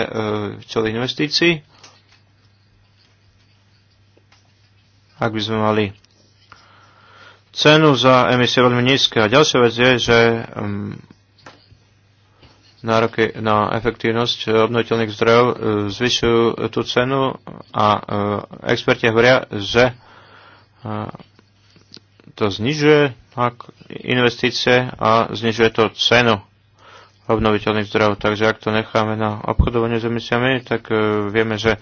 celých investícií. Ak by sme mali cenu za emisie veľmi nízke. A ďalšia vec je, že nároky na efektívnosť obnoviteľných zdrojov e, zvyšujú tú cenu a e, experti hovoria, že e, to znižuje investície a znižuje to cenu obnoviteľných zdrojov. Takže ak to necháme na obchodovanie s emisiami, tak vieme, že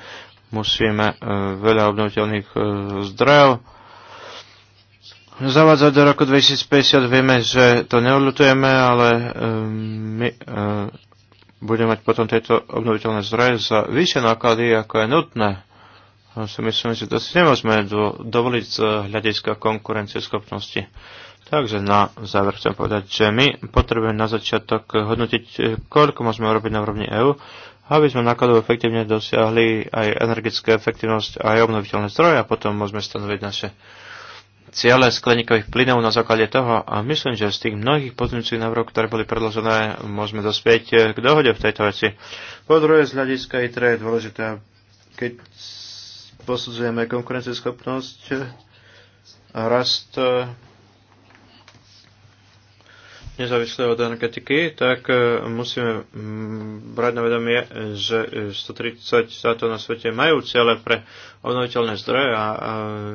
musíme veľa obnoviteľných zdrojov zavádzať do roku 2050. Vieme, že to neodľutujeme, ale ehm, my ehm, budeme mať potom tieto obnoviteľné zdroje za vyššie náklady, ako je nutné. si myslím, že to si nemôžeme dovoliť z hľadiska konkurencieschopnosti. Takže na záver chcem povedať, že my potrebujeme na začiatok hodnotiť, koľko môžeme urobiť na úrovni EÚ, aby sme nákladov efektívne dosiahli aj energetickú efektivnosť a aj obnoviteľné zdroje a potom môžeme stanoviť naše ciele skleníkových plynov na základe toho a myslím, že z tých mnohých pozmeňujúcich návrhov, ktoré boli predložené, môžeme dospieť eh, k dohode v tejto veci. Po druhé, z hľadiska ITRE je dôležité, keď posudzujeme konkurencieschopnosť, eh, rast eh, nezávisle od energetiky, tak e, musíme mm, brať na vedomie, že 130 e, štátov na svete majú cieľe pre obnoviteľné zdroje a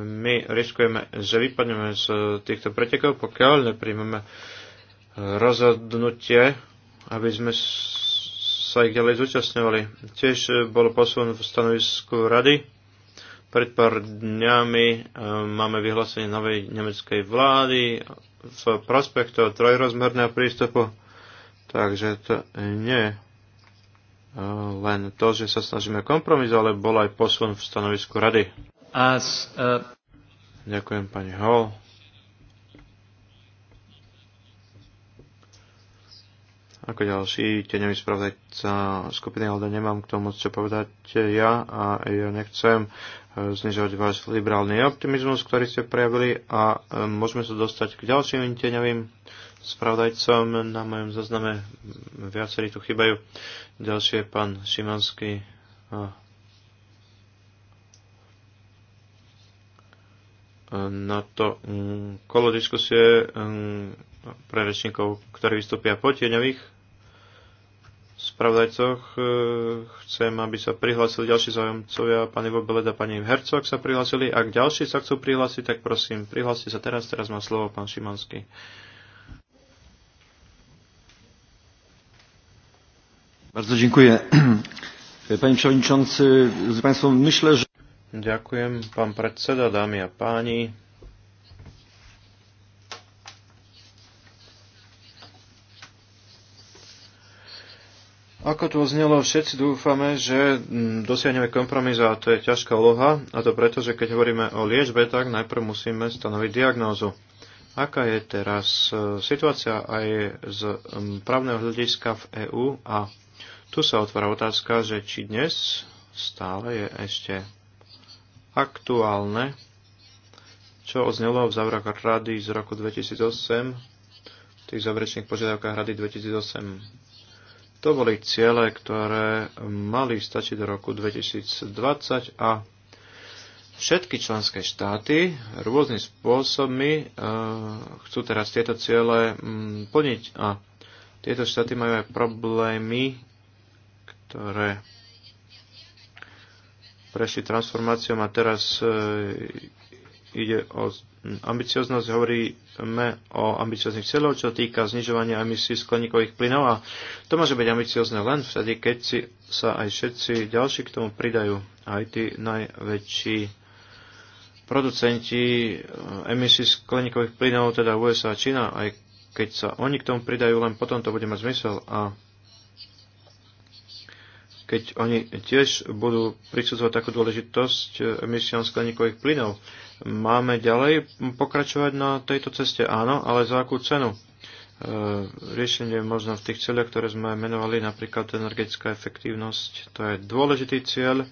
my riskujeme, že vypadneme z týchto pretekov, pokiaľ nepríjmeme rozhodnutie, aby sme sa ich ďalej zúčastňovali. Tiež e, bolo posun v stanovisku rady. Pred pár dňami máme vyhlásenie novej nemeckej vlády v prospech toho trojrozmerného prístupu. Takže to nie e, len to, že sa snažíme kompromis, ale bol aj posun v stanovisku rady. As, uh... Ďakujem pani Hall. Ako ďalší teňový spravodajca skupiny ale nemám k tomu, čo povedať ja a ja nechcem e, znižovať váš liberálny optimizmus, ktorý ste prejavili a e, môžeme sa dostať k ďalším teňovým spravodajcom. Na mojom zozname viacerí tu chýbajú. Ďalší je pán Šimanský. E, na to mm, kolo diskusie mm, pre rečníkov, ktorí vystúpia po tieňových spravodajcoch. E, chcem, aby sa prihlásili ďalší zájomcovia, pani Vobeled a pani ak sa prihlásili. Ak ďalší sa chcú prihlásiť, tak prosím, prihláste sa teraz. Teraz má slovo pán Šimanský. Bardzo dziękuję. [clears throat] Panie Przewodniczący, z Państwem myślę, że... Ďakujem, pán predseda, dámy a páni. Ako tu znelo, všetci dúfame, že mm, dosiahneme kompromis a to je ťažká úloha, a to preto, že keď hovoríme o liečbe, tak najprv musíme stanoviť diagnózu. Aká je teraz e, situácia aj z právneho hľadiska v EÚ a tu sa otvára otázka, že či dnes stále je ešte aktuálne, čo oznelo v závrach rady z roku 2008, v tých záverečných požiadavkách rady 2008 to boli ciele, ktoré mali stačiť do roku 2020 a všetky členské štáty rôznymi spôsobmi e, chcú teraz tieto ciele mm, plniť a tieto štáty majú aj problémy, ktoré prešli transformáciou a teraz e, ide o ambicioznosť, hovoríme o ambicioznych cieľov, čo týka znižovania emisí skleníkových plynov a to môže byť ambiciozne len vtedy, keď si sa aj všetci ďalší k tomu pridajú, aj tí najväčší producenti eh, emisí skleníkových plynov, teda USA a Čína, aj keď sa oni k tomu pridajú, len potom to bude mať zmysel a keď oni tiež budú prisudzovať takú dôležitosť eh, emisiám skleníkových plynov. Máme ďalej pokračovať na tejto ceste? Áno, ale za akú cenu? Eh, riešenie možno v tých cieľoch, ktoré sme menovali, napríklad energetická efektívnosť, to je dôležitý cieľ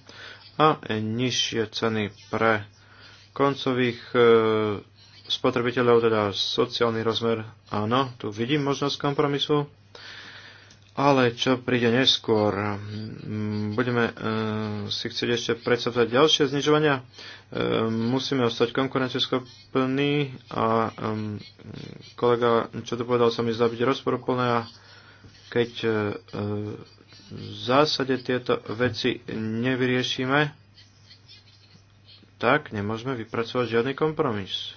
a nižšie ceny pre koncových eh, spotrebiteľov, teda sociálny rozmer. Áno, tu vidím možnosť kompromisu. Ale čo príde neskôr? Budeme e, si chcieť ešte predstavovať ďalšie znižovania? E, musíme ostať konkurencieschopní a e, kolega, čo to povedal, sa mi zdá byť rozporuplné a keď e, v zásade tieto veci nevyriešime, tak nemôžeme vypracovať žiadny kompromis.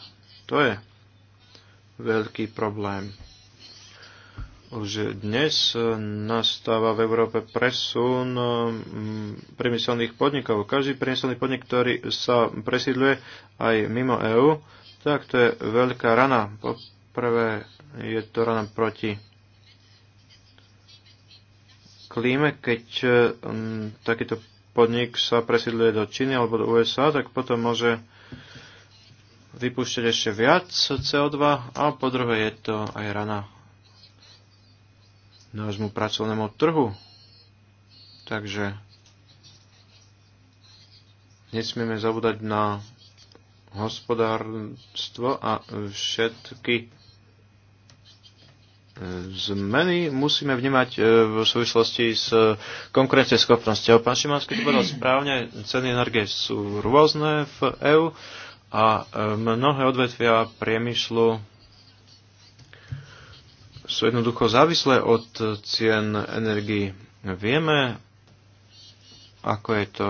To je veľký problém. Už dnes e, nastáva v Európe presun e, priemyselných podnikov. Každý priemyselný podnik, ktorý sa presídluje aj mimo EÚ, tak to je veľká rana. Poprvé je to rana proti klíme, keď e, takýto podnik sa presídluje do Číny alebo do USA, tak potom môže vypúšťať ešte viac CO2 a po druhé je to aj rana nášmu pracovnému trhu. Takže nesmieme zabúdať na hospodárstvo a všetky e, zmeny musíme vnímať e, v súvislosti s e, schopnosťou. Pán Šimanský to povedal správne, ceny energie sú rôzne v EÚ a mnohé odvetvia priemyslu sú jednoducho závislé od cien energii. Vieme, ako je to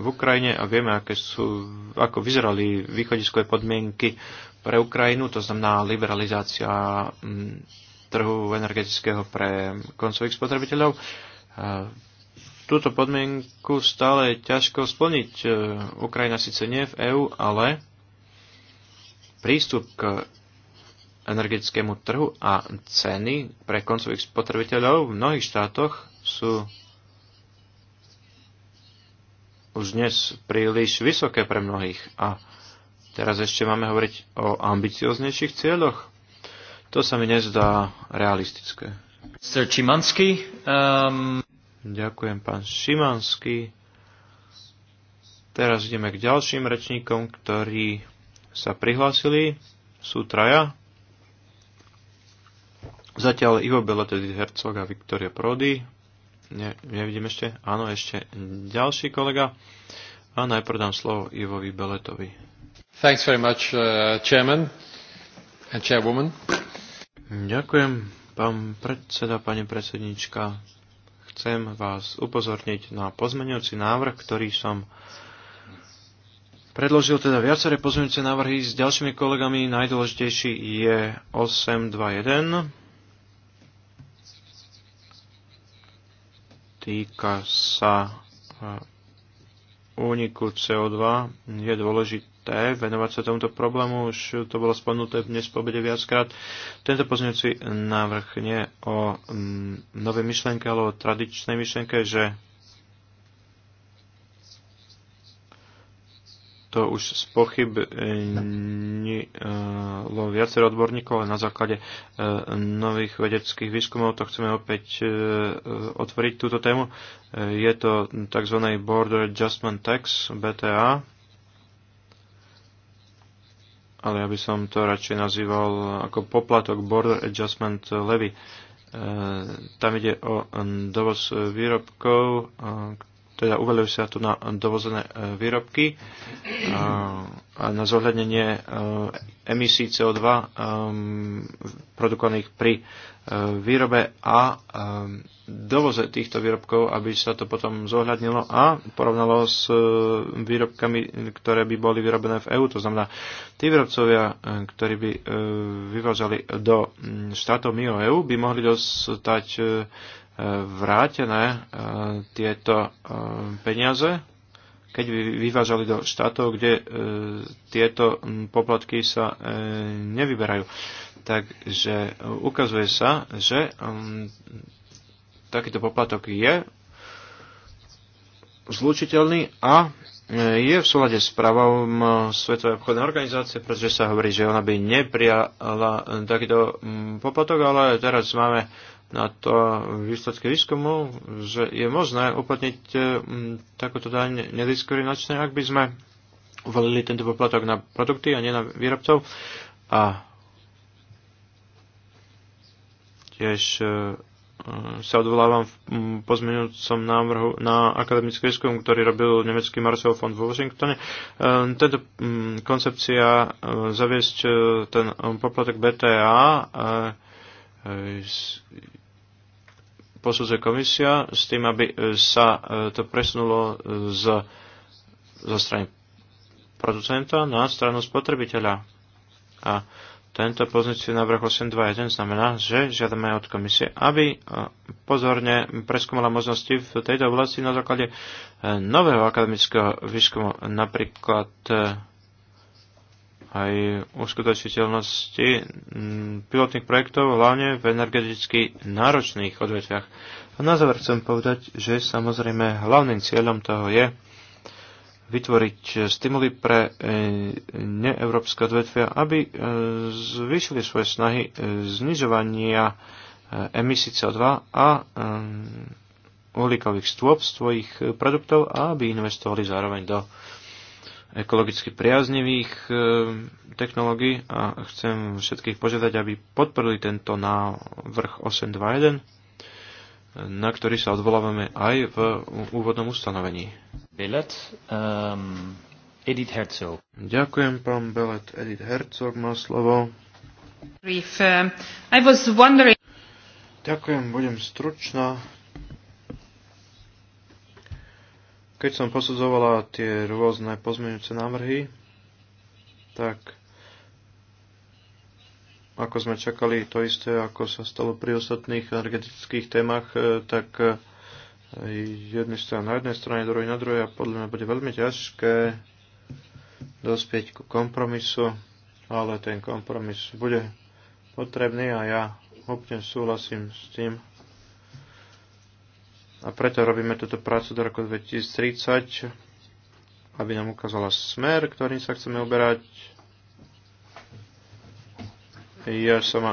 v Ukrajine a vieme, aké sú, ako vyzerali východiskové podmienky pre Ukrajinu, to znamená liberalizácia mm, trhu energetického pre koncových spotrebiteľov. E, túto podmienku stále je ťažko splniť. E, Ukrajina síce nie v EÚ, ale prístup k energetickému trhu a ceny pre koncových spotrebiteľov v mnohých štátoch sú už dnes príliš vysoké pre mnohých. A teraz ešte máme hovoriť o ambicioznejších cieľoch. To sa mi nezdá realistické. Sir Um... Ďakujem, pán Šimanský. Teraz ideme k ďalším rečníkom, ktorí sa prihlásili. Sú traja. Zatiaľ Ivo Beletedy Hercog a Viktoria Prody. Ne, nevidím ešte. Áno, ešte ďalší kolega. A najprv dám slovo Ivovi Beletovi. Thanks very much, uh, chairman and chairwoman. Ďakujem, pán predseda, pani predsednička. Chcem vás upozorniť na pozmeňujúci návrh, ktorý som predložil teda viaceré pozmenujúce návrhy s ďalšími kolegami. Najdôležitejší je 821 týka sa eh, úniku CO2, je dôležité venovať sa tomuto problému. Už to bolo spomenuté dnes po obede viackrát. Tento pozmeňujúci návrh nie o mm, novej myšlenke, ale o tradičnej myšlenke, že to už spochybnilo viacero odborníkov, ale na základe e, nových vedeckých výskumov to chceme opäť e, otvoriť túto tému. E, je to tzv. Border Adjustment Tax, BTA, ale ja by som to radšej nazýval ako poplatok Border Adjustment Levy. Tam ide o dovoz výrobkov, teda uvalujú sa tu na dovozené e, výrobky e, a na zohľadnenie e, emisí CO2 produkovaných pri výrobe a dovoze týchto výrobkov, aby sa to potom zohľadnilo a porovnalo s výrobkami, ktoré by boli vyrobené v EÚ. To znamená, tí výrobcovia, ktorí by vyvážali do štátov mimo EÚ, by mohli dostať vrátené e, tieto e, peniaze, keď by vyvážali do štátov, kde e, tieto poplatky sa nevyberajú. Takže ukazuje sa, že takýto poplatok je zlučiteľný a je v súlade s právom Svetovej obchodnej organizácie, pretože sa hovorí, že ona by neprijala takýto poplatok, ale teraz máme na to výsledky výskumu, že je možné uplatniť e, takúto daň nediskriminačne, ak by sme uvalili tento poplatok na produkty a nie na výrobcov. A tiež e, e, sa odvolávam v pozmeňujúcom návrhu na akademický výskum, ktorý robil nemecký Marshall fond v Washingtone. Tento koncepcia zaviesť ten poplatok BTA Posudzuje komisia s tým, aby e, sa e, to presunulo e, z, zo strany producenta na stranu spotrebiteľa. A tento pozíciu návrh 821 znamená, že žiadame od komisie, aby pozorne preskúmala možnosti v tejto oblasti na základe nového akademického výskumu, napríklad aj uskutočiteľnosti mm, pilotných projektov, hlavne v energeticky náročných odvetviach. A na záver chcem povedať, že samozrejme hlavným cieľom toho je vytvoriť stimuly pre e, neeurópske odvetvia, aby e, zvýšili svoje snahy e, znižovania emisí CO2 a uhlíkových stôp svojich produktov a aby investovali zároveň do ekologicky priaznivých e, technológií a chcem všetkých požiadať, aby podporili tento na vrch 821, na ktorý sa odvolávame aj v úvodnom ustanovení. Billet, um, ehm, Edith Herzog. Ďakujem, pán Belet. Edith Herzog má slovo. Brief, um, I was wondering... Ďakujem, budem stručná. Keď som posudzovala tie rôzne pozmeňujúce návrhy, tak ako sme čakali to isté, ako sa stalo pri ostatných energetických témach, e, tak e, jedný stran na jednej strane, druhý na druhej a podľa mňa bude veľmi ťažké dospieť ku kompromisu, ale ten kompromis bude potrebný a ja úplne súhlasím s tým, a preto robíme túto prácu do roku 2030, aby nám ukázala smer, ktorým sa chceme uberať. Ja som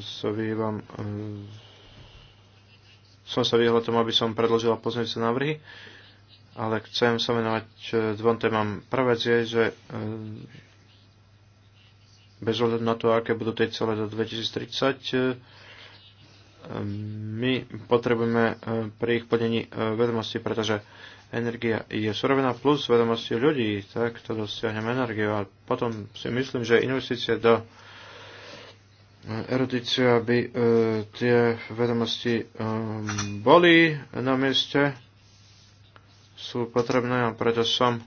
sa eh, vyhýbam eh, som sa vyhla tomu, aby som predložila pozornice návrhy, ale chcem sa venovať eh, dvom témam. Prvá vec je, že bez ohľadu na to, aké budú tie celé do 2030, my potrebujeme e, pri ich plnení e, vedomosti, pretože energia je surovina plus vedomosti ľudí, tak to dosiahneme energiu. A potom si myslím, že investície do e, erudície by tie vedomosti boli na mieste, sú potrebné a preto som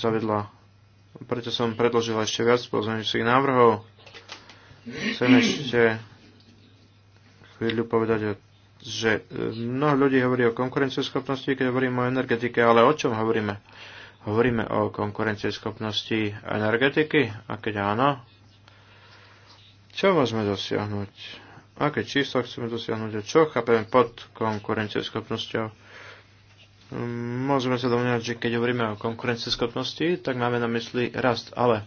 zavedla, preto som predložila ešte viac pozmeňujúcich návrhov Chcem ešte chvíľu povedať, že e, mnoho ľudí hovorí o konkurencieschopnosti, keď hovoríme o energetike, ale o čom hovoríme? Hovoríme o konkurencieschopnosti energetiky? A keď áno, čo môžeme dosiahnuť? Aké čísla chceme dosiahnuť a čo chápeme pod konkurencieschopnosťou? Môžeme sa domňať, že keď hovoríme o konkurencieschopnosti, tak máme na mysli rast, ale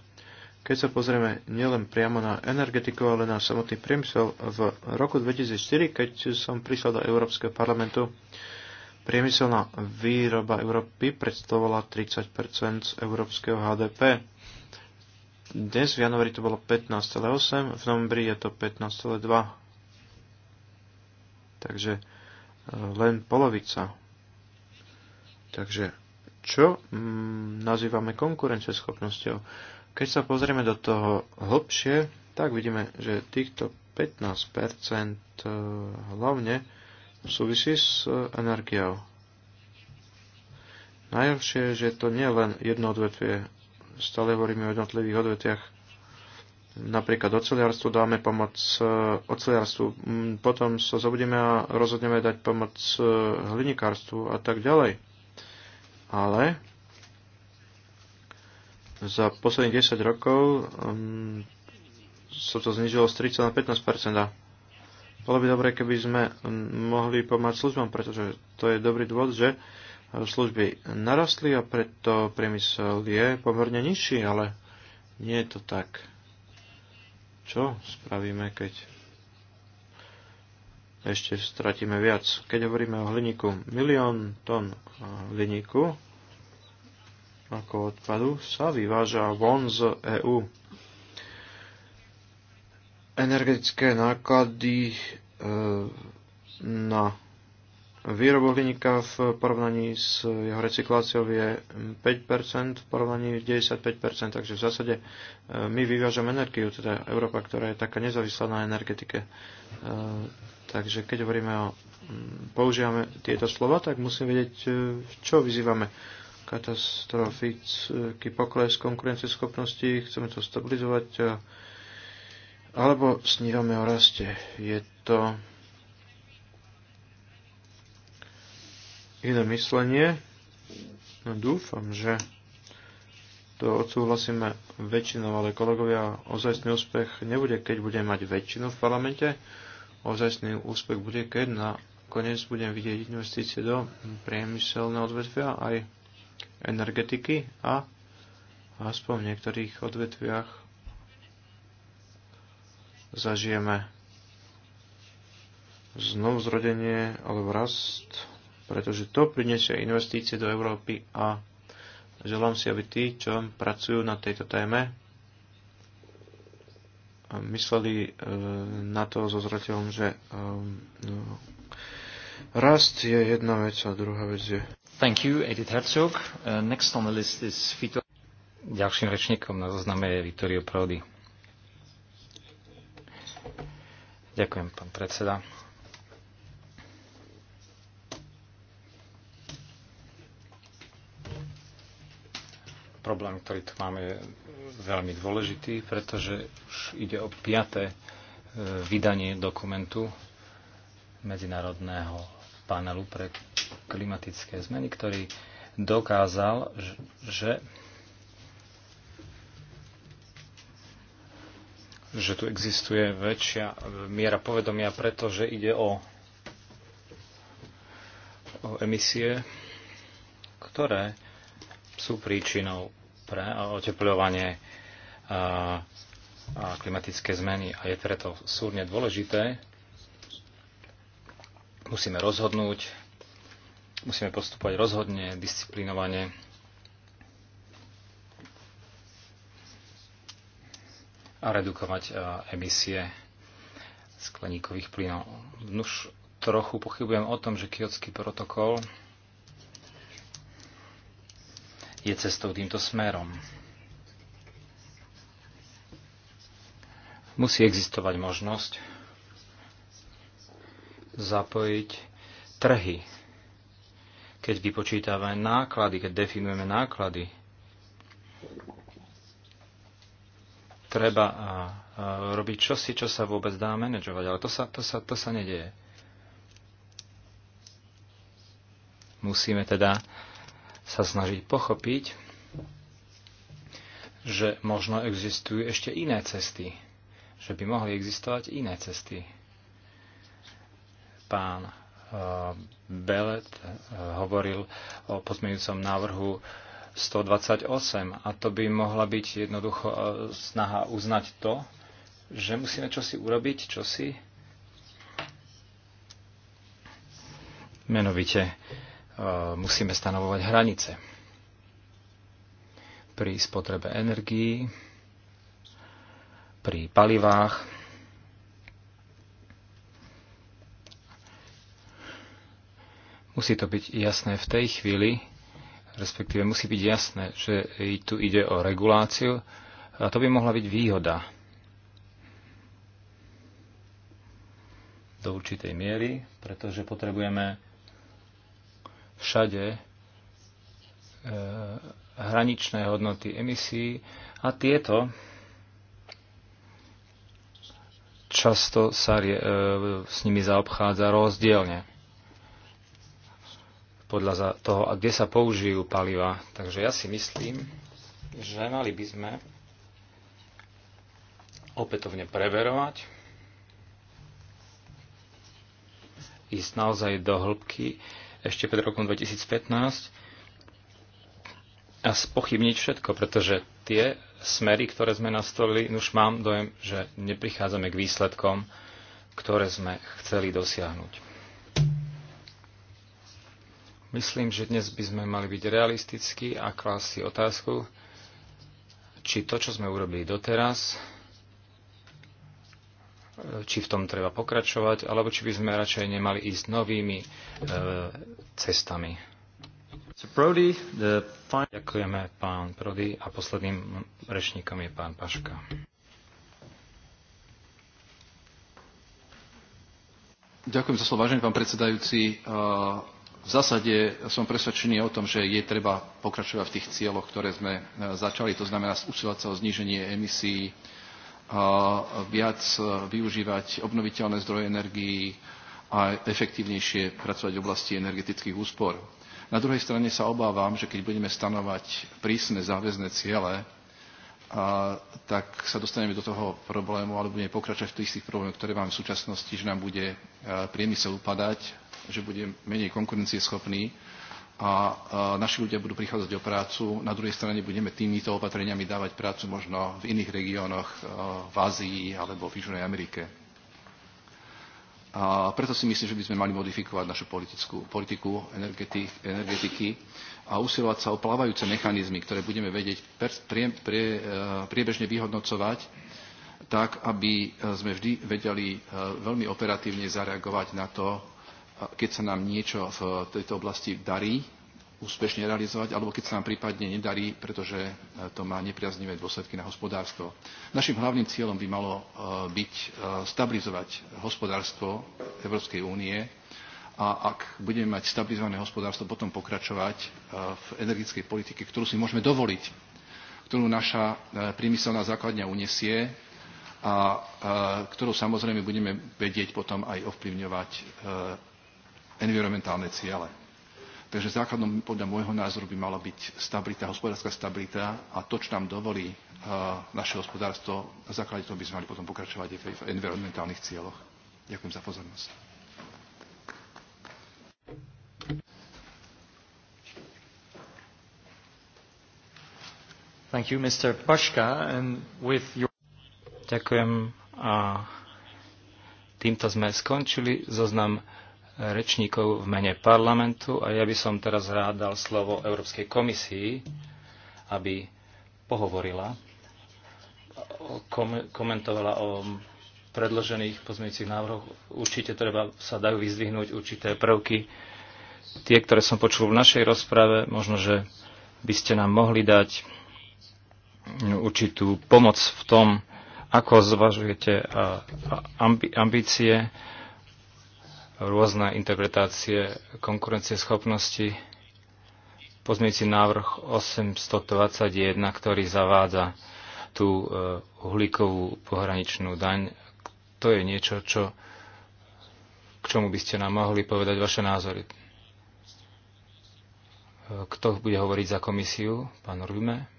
keď sa pozrieme nielen priamo na energetiku, ale na samotný priemysel, v roku 2004, keď som prišla do Európskeho parlamentu, priemyselná výroba Európy predstavovala 30 z európskeho HDP. Dnes v januári to bolo 15,8, v novembri je to 15,2. Takže eh, len polovica. Takže čo mm, nazývame konkurenceschopnosťou. Keď sa pozrieme do toho hlbšie, tak vidíme, že týchto 15% e, hlavne súvisí s e, energiou. Najhoršie je, že to nie je len jedno odvetvie. Stále hovoríme o jednotlivých odvetviach napríklad oceliarstvu dáme pomoc e, oceliarstvu, mm, potom sa zobudíme a rozhodneme dať pomoc hlinikárstvu a tak ďalej ale za posledných 10 rokov um, sa to znižilo z 30 na 15 Bolo by dobré, keby sme um, mohli pomáhať službám, pretože to je dobrý dôvod, že uh, služby narastli a preto priemysel je pomerne nižší, ale nie je to tak. Čo spravíme, keď ešte stratíme viac. Keď hovoríme o hliníku, milión tón eh, hliníku ako odpadu sa vyváža von z EÚ. Energetické náklady eh, na Výroba hliníka v porovnaní s jeho recykláciou je 5%, v porovnaní 95%, takže v zásade e, my vyvážame energiu, teda Európa, ktorá je taká nezávislá na energetike. E, takže keď hovoríme o mm, používame tieto slova, tak musím vedieť, e, čo vyzývame. Katastrofický pokles konkurencieschopnosti, chceme to stabilizovať, alebo snívame o raste. Je to iné myslenie. No dúfam, že to odsúhlasíme väčšinou, ale kolegovia, ozajstný úspech nebude, keď budeme mať väčšinu v parlamente. Ozajstný úspech bude, keď na koniec budem vidieť investície do priemyselné odvetvia aj energetiky a aspoň v niektorých odvetviach zažijeme znovu zrodenie alebo rast pretože to prinesie investície do Európy a želám si, aby tí, čo pracujú na tejto téme, mysleli e, na to so zrateľom, že e, no, rast je jedna vec a druhá vec je. Thank you, Edith Herzog. Uh, next on the list is Vito. Ďalším rečníkom na zozname je Vittorio Prodi. Ďakujem, pán predseda. Problém, ktorý tu máme, je veľmi dôležitý, pretože už ide o piaté e, vydanie dokumentu Medzinárodného panelu pre klimatické zmeny, ktorý dokázal, že že tu existuje väčšia e, miera povedomia, pretože ide o, o emisie, ktoré sú príčinou pre oteplovanie a, a klimatické zmeny a je preto súrne dôležité. Musíme rozhodnúť, musíme postupovať rozhodne, disciplinovane. a redukovať emisie skleníkových plynov. Už trochu pochybujem o tom, že kiotský protokol je cestou týmto smerom. Musí existovať možnosť zapojiť trhy, keď vypočítavame náklady, keď definujeme náklady. Treba robiť čosi, čo sa vôbec dá manažovať, ale to sa, to sa, to sa nedieje. Musíme teda sa snaží pochopiť, že možno existujú ešte iné cesty, že by mohli existovať iné cesty. Pán e, Belet e, hovoril o pozmeňujúcom návrhu 128 a to by mohla byť jednoducho e, snaha uznať to, že musíme čosi urobiť, čosi menovite Eh, musíme stanovovať hranice pri spotrebe energii. pri palivách. Musí to byť jasné v tej chvíli, respektíve musí byť jasné, že tu ide o reguláciu a to by mohla byť výhoda do určitej miery, pretože potrebujeme všade e, hraničné hodnoty emisí a tieto často sa e, s nimi zaobchádza rozdielne podľa toho, a kde sa použijú paliva. Takže ja si myslím, že mali by sme opätovne preverovať, ísť naozaj do hĺbky, ešte pred rokom 2015 a spochybniť všetko, pretože tie smery, ktoré sme nastolili, už mám dojem, že neprichádzame k výsledkom, ktoré sme chceli dosiahnuť. Myslím, že dnes by sme mali byť realistickí a klásť si otázku, či to, čo sme urobili doteraz, či v tom treba pokračovať, alebo či by sme radšej nemali ísť novými e, cestami. So Brody, the... Ďakujeme pán Prody a posledným rečníkom je pán Paška. Ďakujem za slovo, vážený pán predsedajúci. E, v zásade som presvedčený o tom, že je treba pokračovať v tých cieľoch, ktoré sme e, začali, to znamená usilovať sa o zníženie emisí viac e, využívať obnoviteľné zdroje energií a efektívnejšie pracovať v oblasti energetických úspor. Na druhej strane sa obávam, že keď budeme stanovať prísne záväzné ciele, a, tak sa dostaneme do toho problému, alebo budeme pokračovať v tých problémoch, ktoré máme v súčasnosti, že nám bude e, priemysel upadať, že bude menej konkurencieschopný a naši ľudia budú prichádzať o prácu. Na druhej strane budeme týmito opatreniami dávať prácu možno v iných regiónoch, e, v Ázii alebo v Južnej Amerike. A preto si myslím, že by sme mali modifikovať našu politickú, politiku energetiky, a usilovať sa o plávajúce mechanizmy, ktoré budeme vedieť prie, prie, e, priebežne vyhodnocovať, tak aby sme vždy vedeli e, veľmi operatívne zareagovať na to, keď sa nám niečo v tejto oblasti darí úspešne realizovať, alebo keď sa nám prípadne nedarí, pretože e, to má nepriaznivé dôsledky na hospodárstvo. Našim hlavným cieľom by malo e, byť e, stabilizovať hospodárstvo Európskej únie a ak budeme mať stabilizované hospodárstvo, potom pokračovať v energetickej politike, ktorú si môžeme dovoliť, ktorú naša priemyselná základňa unesie a ktorú samozrejme budeme vedieť potom aj ovplyvňovať environmentálne ciele. Takže základom podľa môjho názoru by mala byť stabilita, hospodárska stabilita a to, čo nám dovolí eh, naše hospodárstvo, na základe toho by sme mali potom pokračovať aj v environmentálnych cieľoch. Ďakujem za pozornosť. Thank you, Mr. Paška, and with your... Ďakujem a týmto sme skončili zoznam rečníkov v mene parlamentu a ja by som teraz rád dal slovo Európskej komisii, aby pohovorila, kom komentovala o predložených pozmeňujúcich návrhoch. Určite treba sa dajú vyzdvihnúť určité prvky. Tie, ktoré som počul v našej rozprave, možno, že by ste nám mohli dať mm, určitú pomoc v tom, ako zvažujete ambície rôzne interpretácie konkurencieschopnosti. Pozmieci návrh 821, ktorý zavádza tú e, uhlíkovú pohraničnú daň, to je niečo, čo, k čomu by ste nám mohli povedať vaše názory. E, kto bude hovoriť za komisiu? Pán Rujme.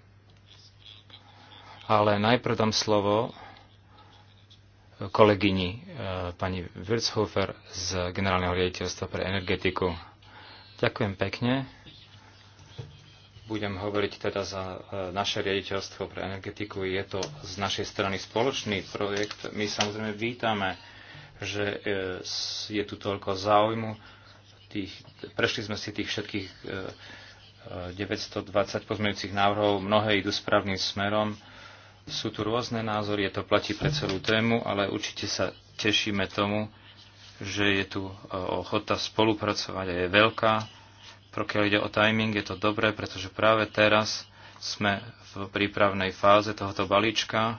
Ale najprv dám slovo kolegyni eh, pani Wirtshofer z Generálneho riaditeľstva pre energetiku. Ďakujem pekne. Budem hovoriť teda za eh, naše riaditeľstvo pre energetiku. Je to z našej strany spoločný projekt. My samozrejme vítame, že eh, je tu toľko záujmu. Tých, prešli sme si tých všetkých 920 pozmeňujúcich návrhov. Mnohé idú správnym smerom sú tu rôzne názory, je to platí pre celú tému, ale určite sa tešíme tomu, že je tu e, ochota spolupracovať a je veľká. Pokiaľ ide o timing, je to dobré, pretože práve teraz sme v prípravnej fáze tohoto balíčka,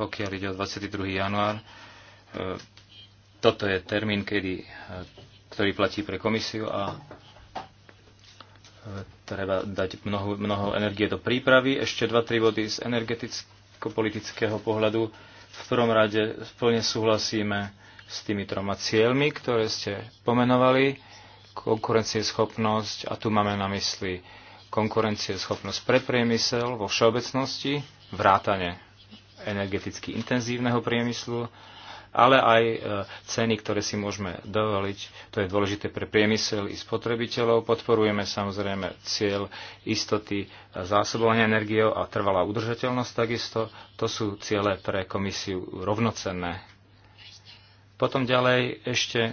pokiaľ ide o 22. január. E, toto je termín, kedy, e, ktorý platí pre komisiu a treba dať mnoho, mnoho energie do prípravy. Ešte dva, tri body z energeticko-politického pohľadu. V prvom rade plne súhlasíme s tými troma cieľmi, ktoré ste pomenovali. Konkurencieschopnosť, a tu máme na mysli konkurencieschopnosť pre priemysel vo všeobecnosti, vrátane energeticky intenzívneho priemyslu, ale aj e, ceny, ktoré si môžeme dovoliť. To je dôležité pre priemysel i spotrebiteľov. Podporujeme samozrejme cieľ istoty e, zásobovania energiou a trvalá udržateľnosť takisto. To sú ciele pre komisiu rovnocenné. Potom ďalej ešte e,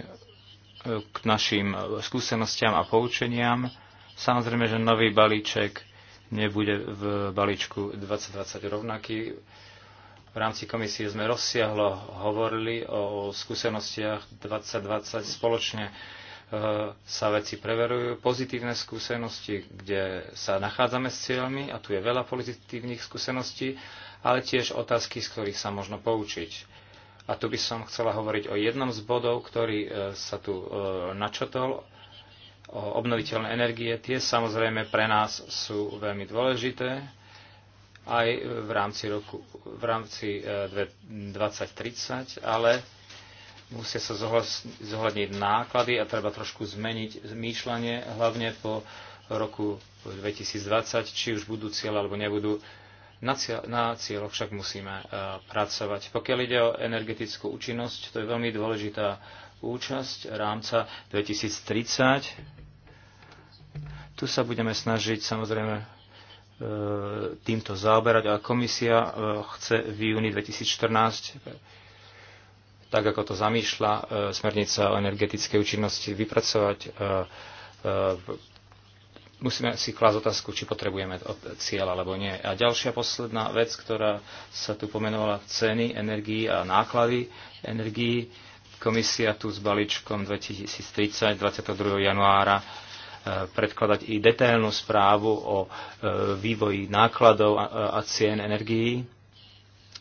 k našim skúsenostiam a poučeniam. Samozrejme, že nový balíček nebude v balíčku 2020 rovnaký. V rámci komisie sme rozsiahlo hovorili o skúsenostiach 2020 spoločne e, sa veci preverujú, pozitívne skúsenosti, kde sa nachádzame s cieľmi, a tu je veľa pozitívnych skúseností, ale tiež otázky, z ktorých sa možno poučiť. A tu by som chcela hovoriť o jednom z bodov, ktorý e, sa tu e, načotol, o obnoviteľné energie. Tie samozrejme pre nás sú veľmi dôležité aj v rámci roku v rámci 2030, e, ale musia sa zohľadniť náklady a treba trošku zmeniť zmýšľanie, hlavne po roku 2020, či už budú cieľ alebo nebudú. Na, cieľ, na cieľoch však musíme e, pracovať. Pokiaľ ide o energetickú účinnosť, to je veľmi dôležitá účasť rámca 2030. Tu sa budeme snažiť samozrejme E, týmto zaoberať a komisia e, chce v júni 2014 tak ako to zamýšľa e, smernica o energetickej účinnosti vypracovať, musíme si klásť otázku, či potrebujeme cieľ alebo nie. A ďalšia posledná vec, ktorá sa tu pomenovala ceny energií a náklady energií. Komisia tu s balíčkom 2030 22. januára Eh, predkladať i detailnú správu o eh, vývoji nákladov a cien energií,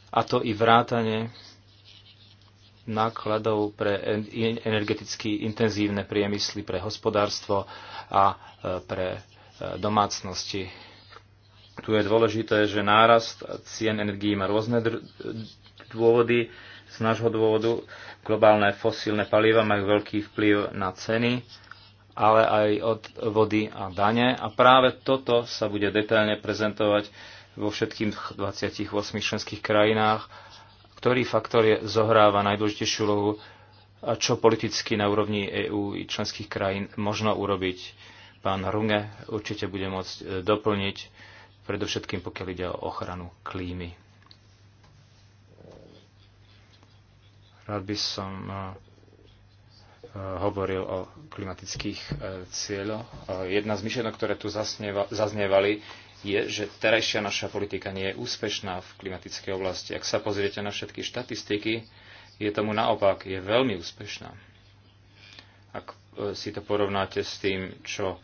a to i vrátane nákladov pre energeticky intenzívne priemysly, pre hospodárstvo a eh, pre domácnosti. Tu je dôležité, že nárast cien energií má rôzne dôvody. Z nášho dôvodu globálne fosílne paliva majú veľký vplyv na ceny ale aj od vody a dane. A práve toto sa bude detailne prezentovať vo všetkých 28 členských krajinách, ktorý faktor je, zohráva najdôležitejšiu úlohu a čo politicky na úrovni EÚ i členských krajín možno urobiť. Pán Runge určite bude môcť e, doplniť, predovšetkým pokiaľ ide o ochranu klímy. Rád by som e, hovoril o klimatických e, cieľoch. E, jedna z myšlienok, ktoré tu zaznievali, je, že terajšia naša politika nie je úspešná v klimatickej oblasti. Ak sa pozriete na všetky štatistiky, je tomu naopak, je veľmi úspešná. Ak e, si to porovnáte s tým, čo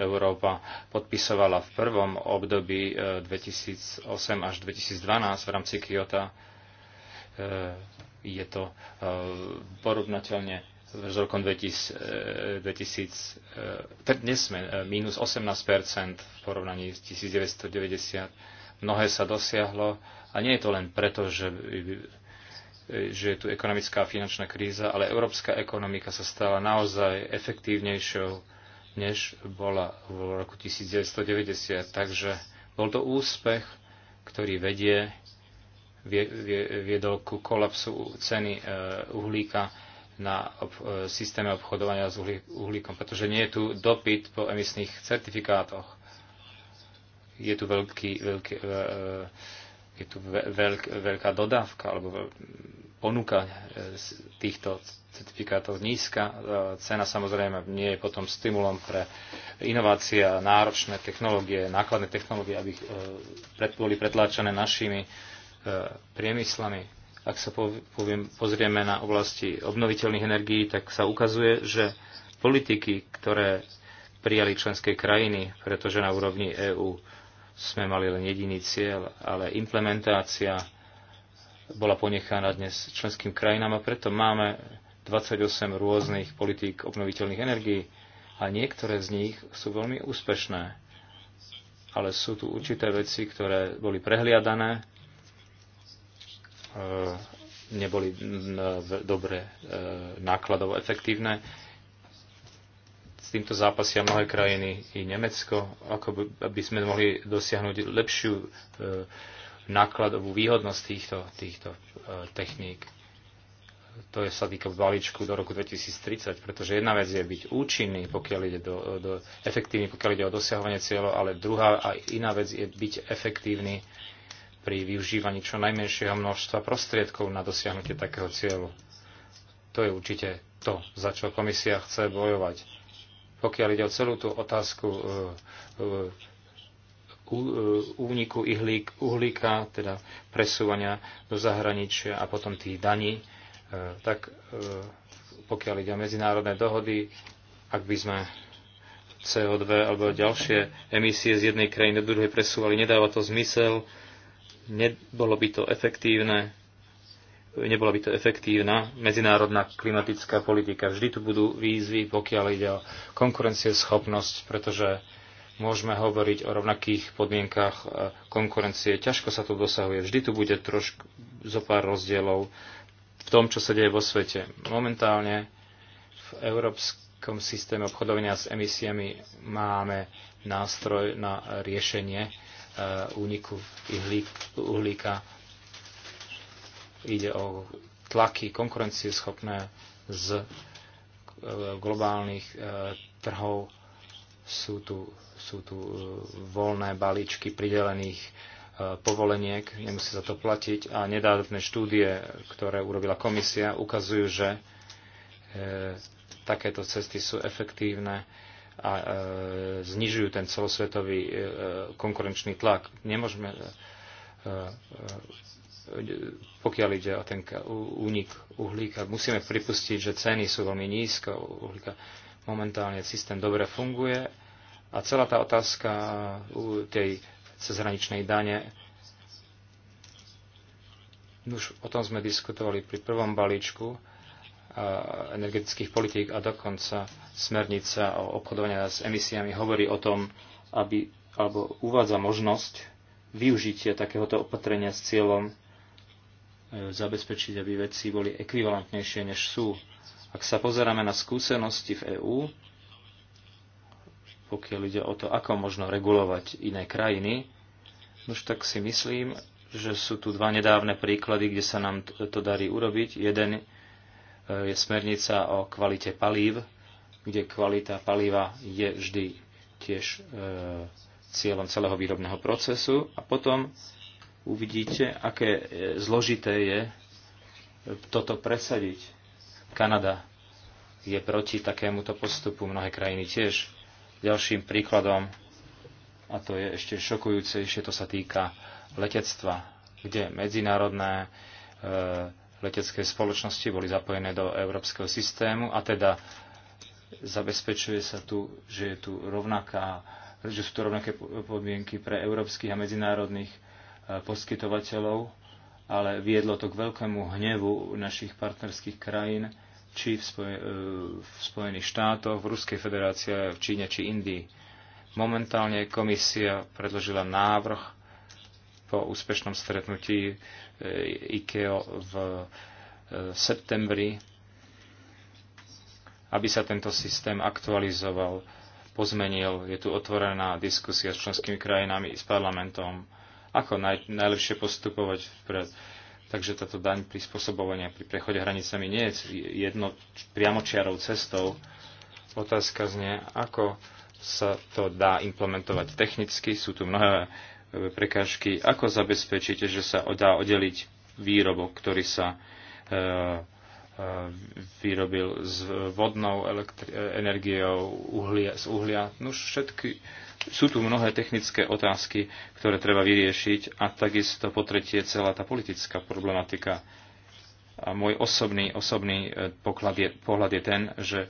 Európa podpisovala v prvom období 2008 až 2012 v rámci Kyoto, je to eh, porovnateľne s rokom 2000, 2000 eh, eh, teda dnes sme minus 18 v porovnaní s 1990. Mnohé sa dosiahlo a nie je to len preto, že, že je tu ekonomická a finančná kríza, ale európska ekonomika sa stala naozaj efektívnejšou, než bola v roku 1990. Takže bol to úspech, ktorý vedie viedol ku kolapsu ceny e, uhlíka na ob- e, systéme obchodovania s uhlíkom, pretože nie je tu dopyt po emisných certifikátoch. Je tu, veľký, veľký, e, je tu veľk, veľká dodávka alebo ponuka týchto certifikátov nízka. Cena samozrejme nie je potom stimulom pre inovácie a náročné technológie, nákladné technológie, aby boli pretláčané našimi E, priemyslami. Ak sa poviem, pozrieme na oblasti obnoviteľných energií, tak sa ukazuje, že politiky, ktoré prijali členské krajiny, pretože na úrovni EÚ sme mali len jediný cieľ, ale implementácia bola ponechaná dnes členským krajinám a preto máme 28 rôznych politík obnoviteľných energií a niektoré z nich sú veľmi úspešné. Ale sú tu určité veci, ktoré boli prehliadané E, neboli dobre e, nákladovo efektívne. S týmto zápasia mnohé krajiny i Nemecko, ako by, aby sme mohli dosiahnuť lepšiu e, nákladovú výhodnosť týchto, týchto techník. To je, sa týka balíčku do roku 2030, pretože jedna vec je byť účinný, pokiaľ ide do, do, efektívny, pokiaľ ide o dosahovanie cieľov, ale druhá a iná vec je byť efektívny uh, pri využívaní čo najmenšieho množstva prostriedkov na dosiahnutie takého cieľu. To je určite to, za čo komisia chce bojovať. Pokiaľ ide o celú tú otázku e, e, e, úniku uh, uhlíka, teda presúvania do zahraničia a potom tých daní, tak pokiaľ ide o medzinárodné dohody, ak by sme CO2 alebo ďalšie emisie z jednej krajiny do druhej presúvali, nedáva to zmysel nebolo by to efektívne, nebola by to efektívna medzinárodná klimatická politika. Vždy tu budú výzvy, pokiaľ ide o konkurencieschopnosť, pretože môžeme hovoriť o rovnakých podmienkach e, konkurencie. Ťažko sa to dosahuje. Vždy tu bude trošku zo pár rozdielov v tom, čo sa deje vo svete. Momentálne v európskom systéme obchodovania s emisiami máme nástroj na riešenie Eh, úniku uhlíka. Ide o tlaky konkurencieschopné z eh, globálnych eh, trhov. Sú tu, sú tu voľné balíčky pridelených povoleniek, nemusí sa to platiť a nedávne štúdie, ktoré urobila komisia, ukazujú, že takéto cesty sú efektívne a e, znižujú ten celosvetový e, konkurenčný tlak. Nemôžeme, e, pokiaľ ide o ten únik uhlíka, musíme pripustiť, že ceny sú veľmi nízko uhlíka. Momentálne systém dobre funguje a celá tá otázka tej cezhraničnej dane už o tom sme diskutovali pri prvom balíčku energetických politík a dokonca smernica o obchodovaní s emisiami hovorí o tom, aby, alebo uvádza možnosť využitia takéhoto opatrenia s cieľom e, zabezpečiť, aby veci boli ekvivalentnejšie, než sú. Ak sa pozeráme na skúsenosti v EÚ, pokiaľ ide o to, ako možno regulovať iné krajiny, už tak si myslím, že sú tu dva nedávne príklady, kde sa nám to darí urobiť. Jeden je smernica o kvalite palív, kde kvalita paliva je vždy tiež e, cieľom celého výrobného procesu a potom uvidíte, aké e, zložité je e, toto presadiť. Kanada je proti takémuto postupu, mnohé krajiny tiež. Ďalším príkladom, a to je ešte šokujúcejšie, to sa týka letectva, kde medzinárodné e, letecké spoločnosti boli zapojené do európskeho systému a teda zabezpečuje sa tu, že, je tu rovnaká, že sú tu rovnaké podmienky pre európskych a medzinárodných e, poskytovateľov, ale viedlo to k veľkému hnevu našich partnerských krajín, či v, spoj- e, v Spojených štátoch, v Ruskej federácii, v Číne či Indii. Momentálne komisia predložila návrh po úspešnom stretnutí e, IKEO v e, septembri, aby sa tento systém aktualizoval, pozmenil. Je tu otvorená diskusia s členskými krajinami i s parlamentom, ako naj, najlepšie postupovať vpred. Takže táto daň prispôsobovania pri prechode hranicami nie je jedno priamočiarou cestou. Otázka znie, ako sa to dá implementovať technicky. Sú tu mnohé prekážky, ako zabezpečíte, že sa dá oddeliť výrobok, ktorý sa eh, eh, vyrobil s vodnou eh, energiou uhlia, z uhlia. No všetky, sú tu mnohé technické otázky, ktoré treba vyriešiť a takisto po tretie celá tá politická problematika. A môj osobný, osobný poklad je, pohľad je ten, že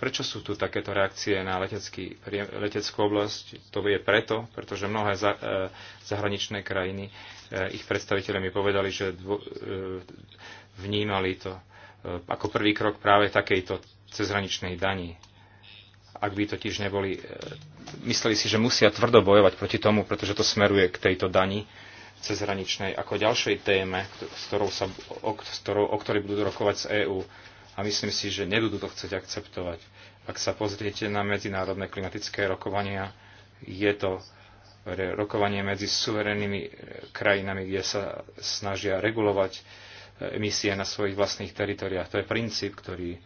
prečo sú tu takéto reakcie na letecký, leteckú oblasť? To je preto, pretože mnohé za, e, zahraničné krajiny, e, ich predstaviteľe mi povedali, že dvo, e, vnímali to ako prvý krok práve takejto cezhraničnej dani. Ak by totiž neboli, mysleli si, že musia tvrdo bojovať proti tomu, pretože to smeruje k tejto dani cezhraničnej ako ďalšej téme, s ktorou sa, o, s ktorou, o ktorej budú rokovať z EÚ a myslím si, že nebudú to chcieť akceptovať. Ak sa pozriete na medzinárodné klimatické rokovania, je to rokovanie medzi suverénnymi e, krajinami, kde sa snažia regulovať e, emisie na svojich vlastných teritoriách. To je princíp, ktorý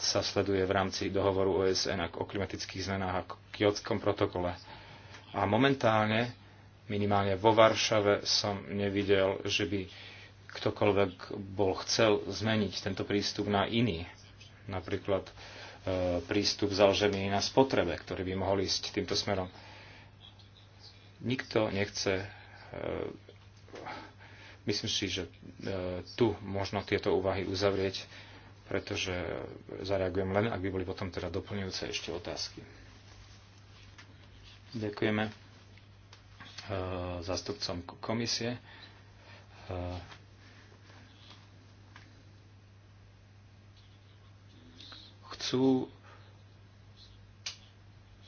sa sleduje v rámci dohovoru OSN o klimatických zmenách a kiotskom protokole. A momentálne, minimálne vo Varšave, som nevidel, že by ktokoľvek bol chcel zmeniť tento prístup na iný. Napríklad e, prístup založený na spotrebe, ktorý by mohol ísť týmto smerom. Nikto nechce, e, myslím si, že e, tu možno tieto úvahy uzavrieť, pretože zareagujem len, ak by boli potom teda doplňujúce ešte otázky. Ďakujeme zástupcom komisie. sú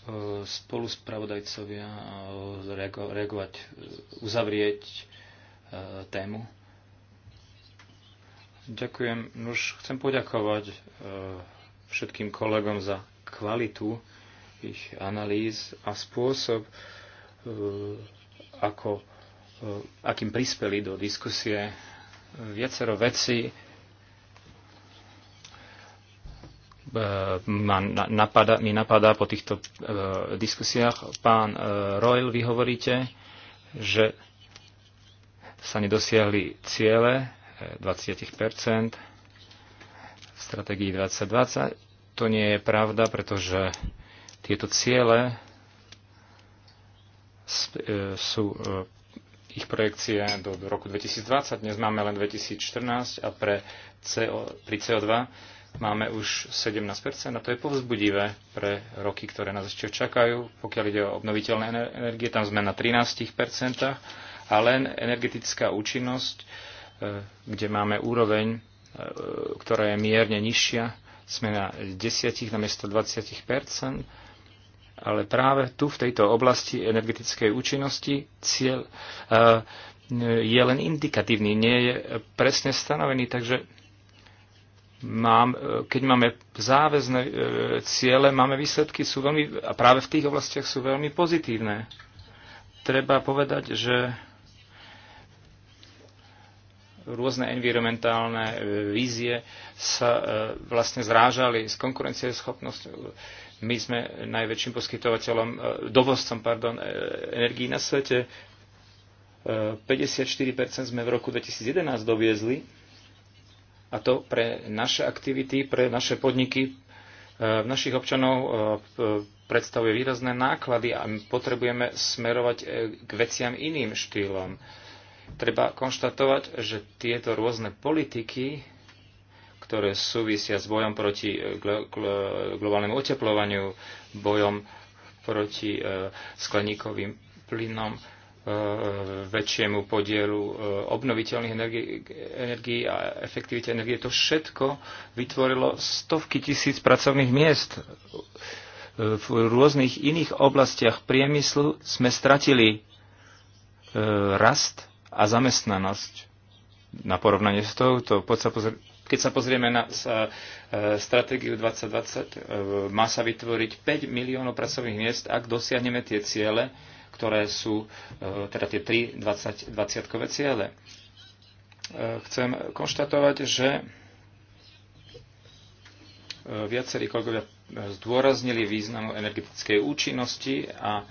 e, spolu spravodajcovia e, reagovať, e, uzavrieť tému. Ďakujem. Už chcem poďakovať všetkým kolegom za kvalitu ich analýz a spôsob, ako, akým prispeli do diskusie. Viacero vecí E, ma napadá, mi napadá po týchto e, diskusiách. Pán e, Royal, vy hovoríte, že sa nedosiahli ciele 20 v stratégii 2020. To nie je pravda, pretože tieto ciele sú ich projekcie do roku 2020. Dnes máme len 2014 a pre CO, pri CO2 máme už 17% a to je povzbudivé pre roky, ktoré nás ešte čakajú. Pokiaľ ide o obnoviteľné energie, tam sme na 13%, a len energetická účinnosť, e, kde máme úroveň, e, ktorá je mierne nižšia, sme na 10 miesto 20%, ale práve tu v tejto oblasti energetickej účinnosti cieľ e, je len indikatívny, nie je presne stanovený, takže mám, e, keď máme záväzné e, ciele, máme výsledky sú veľmi, a práve v tých oblastiach sú veľmi pozitívne. Treba povedať, že rôzne environmentálne e, vízie sa vlastne zrážali s konkurencieschopnosťou. My sme najväčším poskytovateľom, dovozcom pardon, energií na svete. 54% sme v roku 2011 doviezli a to pre naše aktivity, pre naše podniky, e, našich občanov e, e, predstavuje výrazné náklady a my potrebujeme smerovať k veciam iným štýlom. Treba konštatovať, že tieto rôzne politiky, ktoré súvisia s bojom proti globálnemu oteplovaniu, bojom proti skleníkovým plynom, E, väčšiemu podielu e, obnoviteľných energií a efektivite energie. To všetko vytvorilo stovky tisíc pracovných miest. E, v rôznych iných oblastiach priemyslu sme stratili rast a zamestnanosť na porovnanie s touto. Keď sa pozrieme na stratégiu 2020, má sa vytvoriť 5 miliónov pracovných miest, ak dosiahneme tie ciele, ktoré sú e, teda tie 3 20, ciele. E, chcem konštatovať, že e, viacerí kolegovia zdôraznili významu energetickej účinnosti a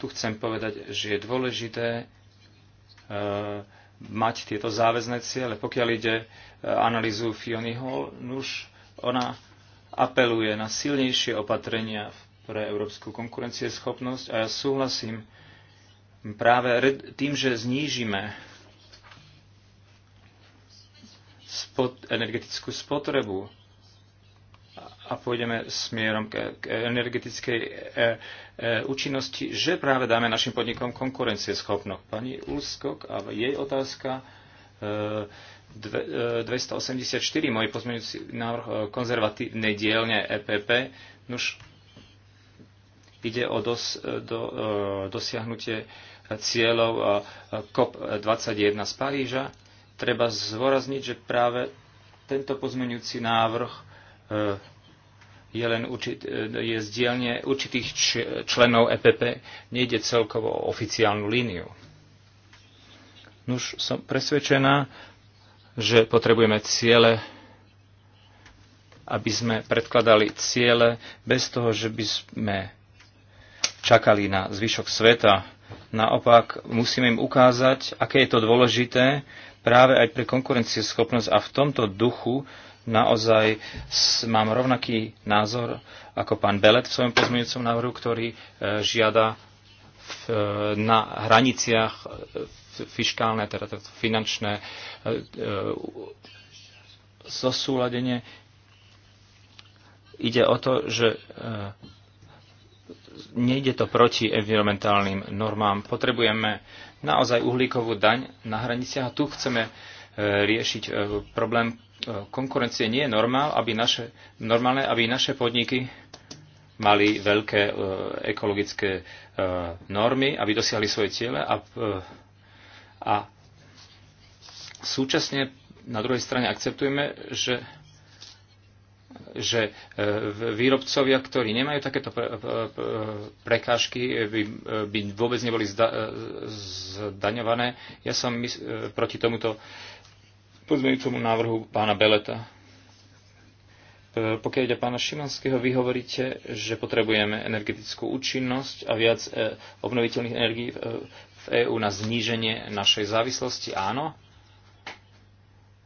tu chcem povedať, že je dôležité mať tieto záväzné ciele. Pokiaľ ide analýzu Fiony Hall, nuž ona apeluje na silnejšie opatrenia v pre európsku konkurencieschopnosť a ja súhlasím práve tým, že znížime spot, energetickú spotrebu a pôjdeme smierom k, k energetickej e, e, účinnosti, že práve dáme našim podnikom konkurencieschopnosť. Pani Úskok a jej otázka e, 284, e, môj pozmeňujúci návrh e, konzervatívnej dielne EPP. Nuž, Ide o dos, e, do, e, dosiahnutie cieľov COP21 e, z Paríža. Treba zvorazniť, že práve tento pozmenujúci návrh je len určit, je zdielne určitých členov EPP, nejde celkovo o oficiálnu líniu. Nuž som presvedčená, že potrebujeme ciele, aby sme predkladali ciele bez toho, že by sme čakali na zvyšok sveta. Naopak musíme im ukázať, aké je to dôležité práve aj pre konkurencieschopnosť a v tomto duchu naozaj mám rovnaký názor ako pán Belet v svojom pozmeňujúcom návrhu, ktorý e, žiada e, na hraniciach e, fiskálne, teda finančné zosúladenie. Ide o to, že nejde to proti environmentálnym normám. Potrebujeme naozaj uhlíkovú daň na hraniciach a tu chceme e, riešiť e, problém e, konkurencie. Nie je normál, aby naše, normálne, aby naše podniky mali veľké ekologické normy, aby dosiahli svoje ciele a, a súčasne na druhej strane akceptujeme, že že e, výrobcovia, ktorí nemajú takéto e, e, prekážky, by, by vôbec neboli zda, zdaňované. Ja som proti tomuto pozmeňujúcemu návrhu pána Beleta. Pokiaľ ide pána Šimanského, vy hovoríte, že potrebujeme energetickú účinnosť a viac obnoviteľných energií v EÚ na zníženie našej závislosti. Áno.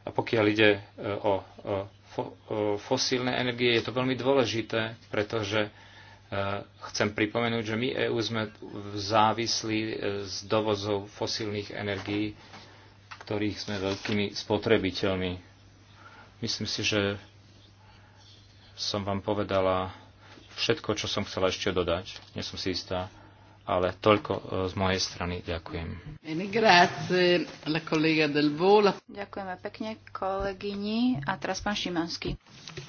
A pokiaľ ide o, o E, fosílne energie. Je to veľmi dôležité, pretože e, chcem pripomenúť, že my EÚ sme závislí e, z dovozov fosílnych energií, ktorých sme veľkými spotrebiteľmi. Myslím si, že som vám povedala všetko, čo som chcela ešte dodať. Nie som si istá, ale toľko e, z mojej strany. Ďakujem. Ďakujeme pekne kolegyni. A teraz pán Šimanský.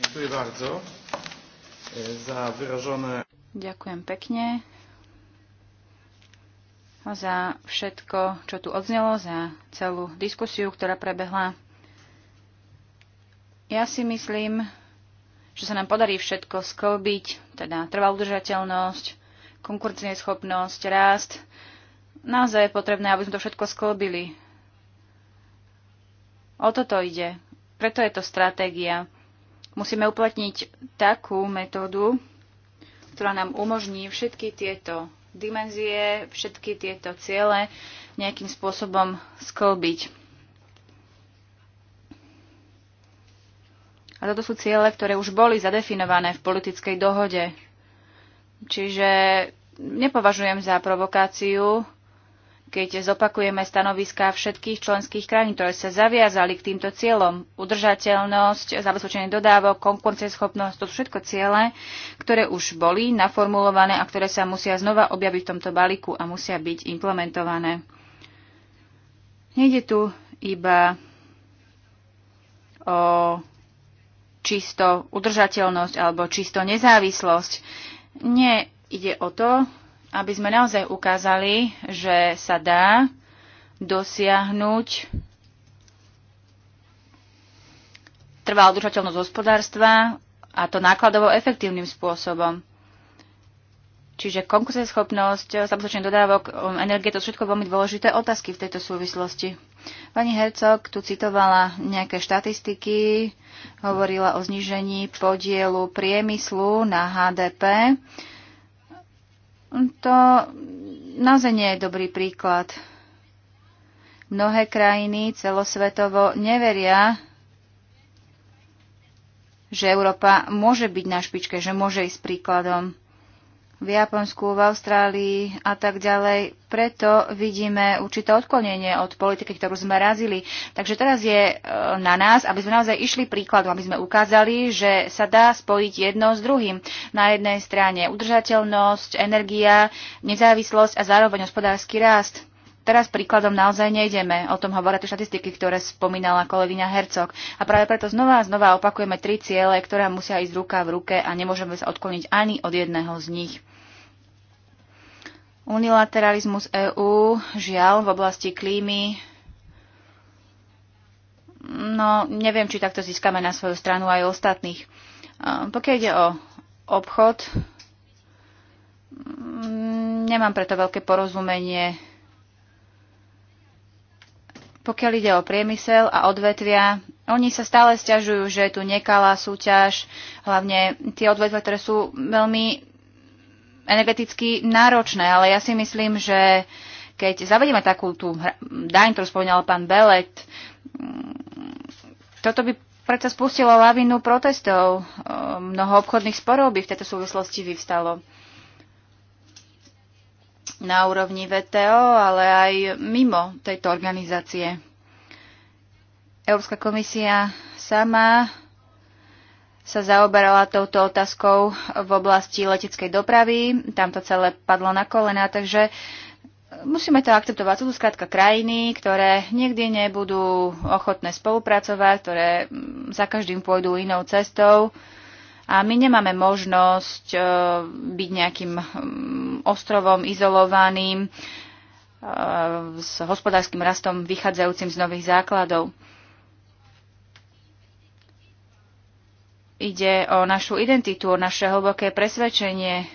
Ďakujem bardzo e, za vyražené... Ďakujem pekne za všetko, čo tu odznelo, za celú diskusiu, ktorá prebehla. Ja si myslím, že sa nám podarí všetko sklbiť, teda trvalú udržateľnosť, konkurencieschopnosť, rást. Naozaj je potrebné, aby sme to všetko sklobili. O toto ide. Preto je to stratégia. Musíme uplatniť takú metódu, ktorá nám umožní všetky tieto dimenzie, všetky tieto ciele nejakým spôsobom sklbiť. A toto sú ciele, ktoré už boli zadefinované v politickej dohode Čiže nepovažujem za provokáciu, keď zopakujeme stanoviská všetkých členských krajín, ktoré sa zaviazali k týmto cieľom. Udržateľnosť, zabezpečenie dodávok, konkurencieschopnosť, to sú všetko ciele, ktoré už boli naformulované a ktoré sa musia znova objaviť v tomto balíku a musia byť implementované. Nejde tu iba o čisto udržateľnosť alebo čisto nezávislosť. Nie, ide o to, aby sme naozaj ukázali, že sa dá dosiahnuť trvalú udržateľnosť hospodárstva a to nákladovo efektívnym spôsobom. Čiže konkurenceschopnosť, zabezpečenie dodávok, um, energie, to sú všetko veľmi dôležité otázky v tejto súvislosti. Pani Hercog tu citovala nejaké štatistiky, hovorila o znižení podielu priemyslu na HDP. To naozaj nie je dobrý príklad. Mnohé krajiny celosvetovo neveria, že Európa môže byť na špičke, že môže ísť príkladom v Japonsku, v Austrálii a tak ďalej. Preto vidíme určité odklonenie od politiky, ktorú sme razili. Takže teraz je e, na nás, aby sme naozaj išli príkladom, aby sme ukázali, že sa dá spojiť jedno s druhým. Na jednej strane udržateľnosť, energia, nezávislosť a zároveň hospodársky rast. Teraz príkladom naozaj nejdeme. O tom hovoria tie štatistiky, ktoré spomínala kolegyňa Hercog. A práve preto znova a znova opakujeme tri ciele, ktoré musia ísť ruka v ruke a nemôžeme sa odkloniť ani od jedného z nich. Unilateralizmus EÚ, žiaľ, v oblasti klímy, no neviem, či takto získame na svoju stranu aj ostatných. Pokiaľ ide o obchod, mm, nemám preto veľké porozumenie. Pokiaľ ide o priemysel a odvetvia, oni sa stále stiažujú, že je tu nekalá súťaž, hlavne tie odvetvia, ktoré sú veľmi energeticky náročné, ale ja si myslím, že keď zavedieme takú tú daň, ktorú spomínal pán Belet, mm, toto by predsa spustilo lavinu protestov. E, mnoho obchodných sporov by v tejto súvislosti vyvstalo na úrovni VTO, ale aj mimo tejto organizácie. Európska komisia sama sa zaoberala touto otázkou v oblasti leteckej dopravy. Tam to celé padlo na kolena, takže musíme to akceptovať. Sú tu skrátka krajiny, ktoré nikdy nebudú ochotné spolupracovať, ktoré mm, za každým pôjdu inou cestou. A my nemáme možnosť e, byť nejakým mm, ostrovom izolovaným e, s hospodárskym rastom vychádzajúcim z nových základov. Ide o našu identitu, o naše hlboké presvedčenie.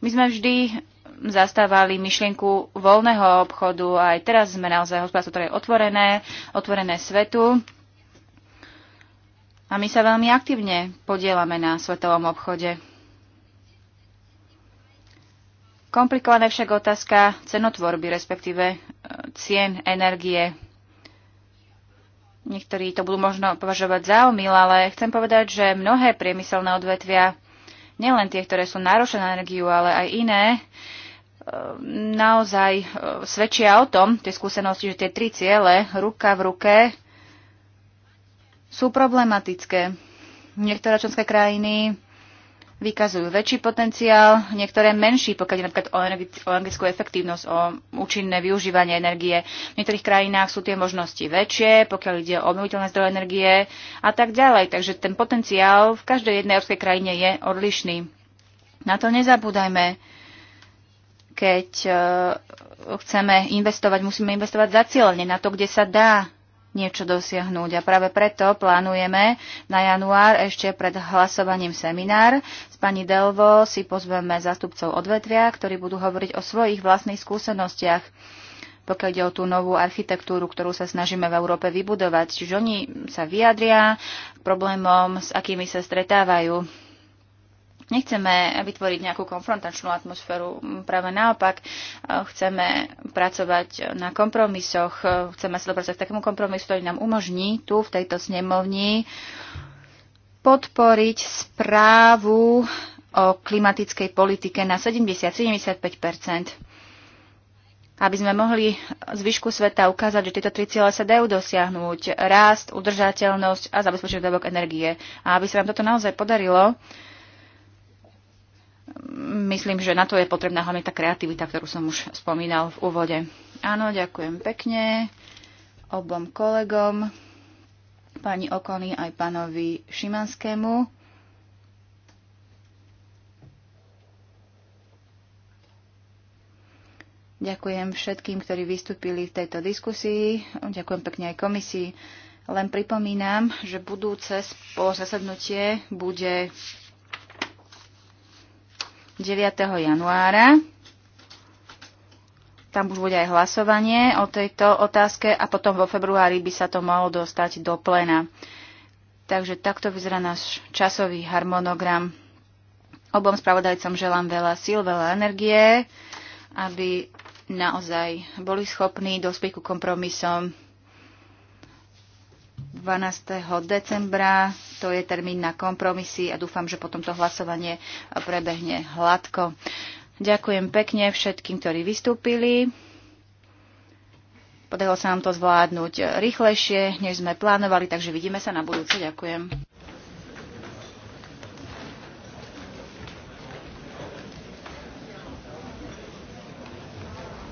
My sme vždy zastávali myšlienku voľného obchodu a aj teraz sme naozaj hospodárstvo, ktoré je otvorené, otvorené svetu. A my sa veľmi aktívne podielame na svetovom obchode. Komplikovaná však otázka cenotvorby, respektíve eh, cien energie Niektorí to budú možno považovať za omyl, ale chcem povedať, že mnohé priemyselné odvetvia, nielen tie, ktoré sú náročné na energiu, ale aj iné, e, naozaj e, svedčia o tom, tie skúsenosti, že tie tri ciele, ruka v ruke, sú problematické. Niektoré členské krajiny vykazujú väčší potenciál, niektoré menší, pokiaľ je napríklad o, energi- o energetickú efektívnosť, o účinné využívanie energie. V niektorých krajinách sú tie možnosti väčšie, pokiaľ ide o obnoviteľné zdroje energie a tak ďalej. Takže ten potenciál v každej jednej európskej krajine je odlišný. Na to nezabúdajme. Keď eh, chceme investovať, musíme investovať zacielene na to, kde sa dá niečo dosiahnuť. A práve preto plánujeme na január ešte pred hlasovaním seminár. S pani Delvo si pozveme zástupcov odvetvia, ktorí budú hovoriť o svojich vlastných skúsenostiach pokiaľ ide o tú novú architektúru, ktorú sa snažíme v Európe vybudovať. Čiže oni sa vyjadria problémom, s akými sa stretávajú Nechceme vytvoriť nejakú konfrontačnú atmosféru, práve naopak e, chceme pracovať na kompromisoch, e, chceme sa dopracovať k takému kompromisu, ktorý nám umožní tu v tejto snemovni podporiť správu o klimatickej politike na 70-75 aby sme mohli zvyšku sveta ukázať, že tieto tri ciele sa dajú dosiahnuť. Rást, udržateľnosť a zabezpečenie dobok energie. A aby sa nám toto naozaj podarilo, myslím, že na to je potrebná hlavne tá kreativita, ktorú som už spomínal v úvode. Áno, ďakujem pekne obom kolegom, pani Okony aj pánovi Šimanskému. Ďakujem všetkým, ktorí vystúpili v tejto diskusii. Ďakujem pekne aj komisii. Len pripomínam, že budúce spolozasadnutie bude 9. januára. Tam už bude aj hlasovanie o tejto otázke a potom vo februári by sa to malo dostať do plena. Takže takto vyzerá náš časový harmonogram. Obom spravodajcom želám veľa síl, veľa energie, aby naozaj boli schopní dospieť ku kompromisom 12. decembra. To je termín na kompromisy a dúfam, že potom to hlasovanie prebehne hladko. Ďakujem pekne všetkým, ktorí vystúpili. Podarilo sa nám to zvládnuť rýchlejšie, než sme plánovali, takže vidíme sa na budúce. Ďakujem.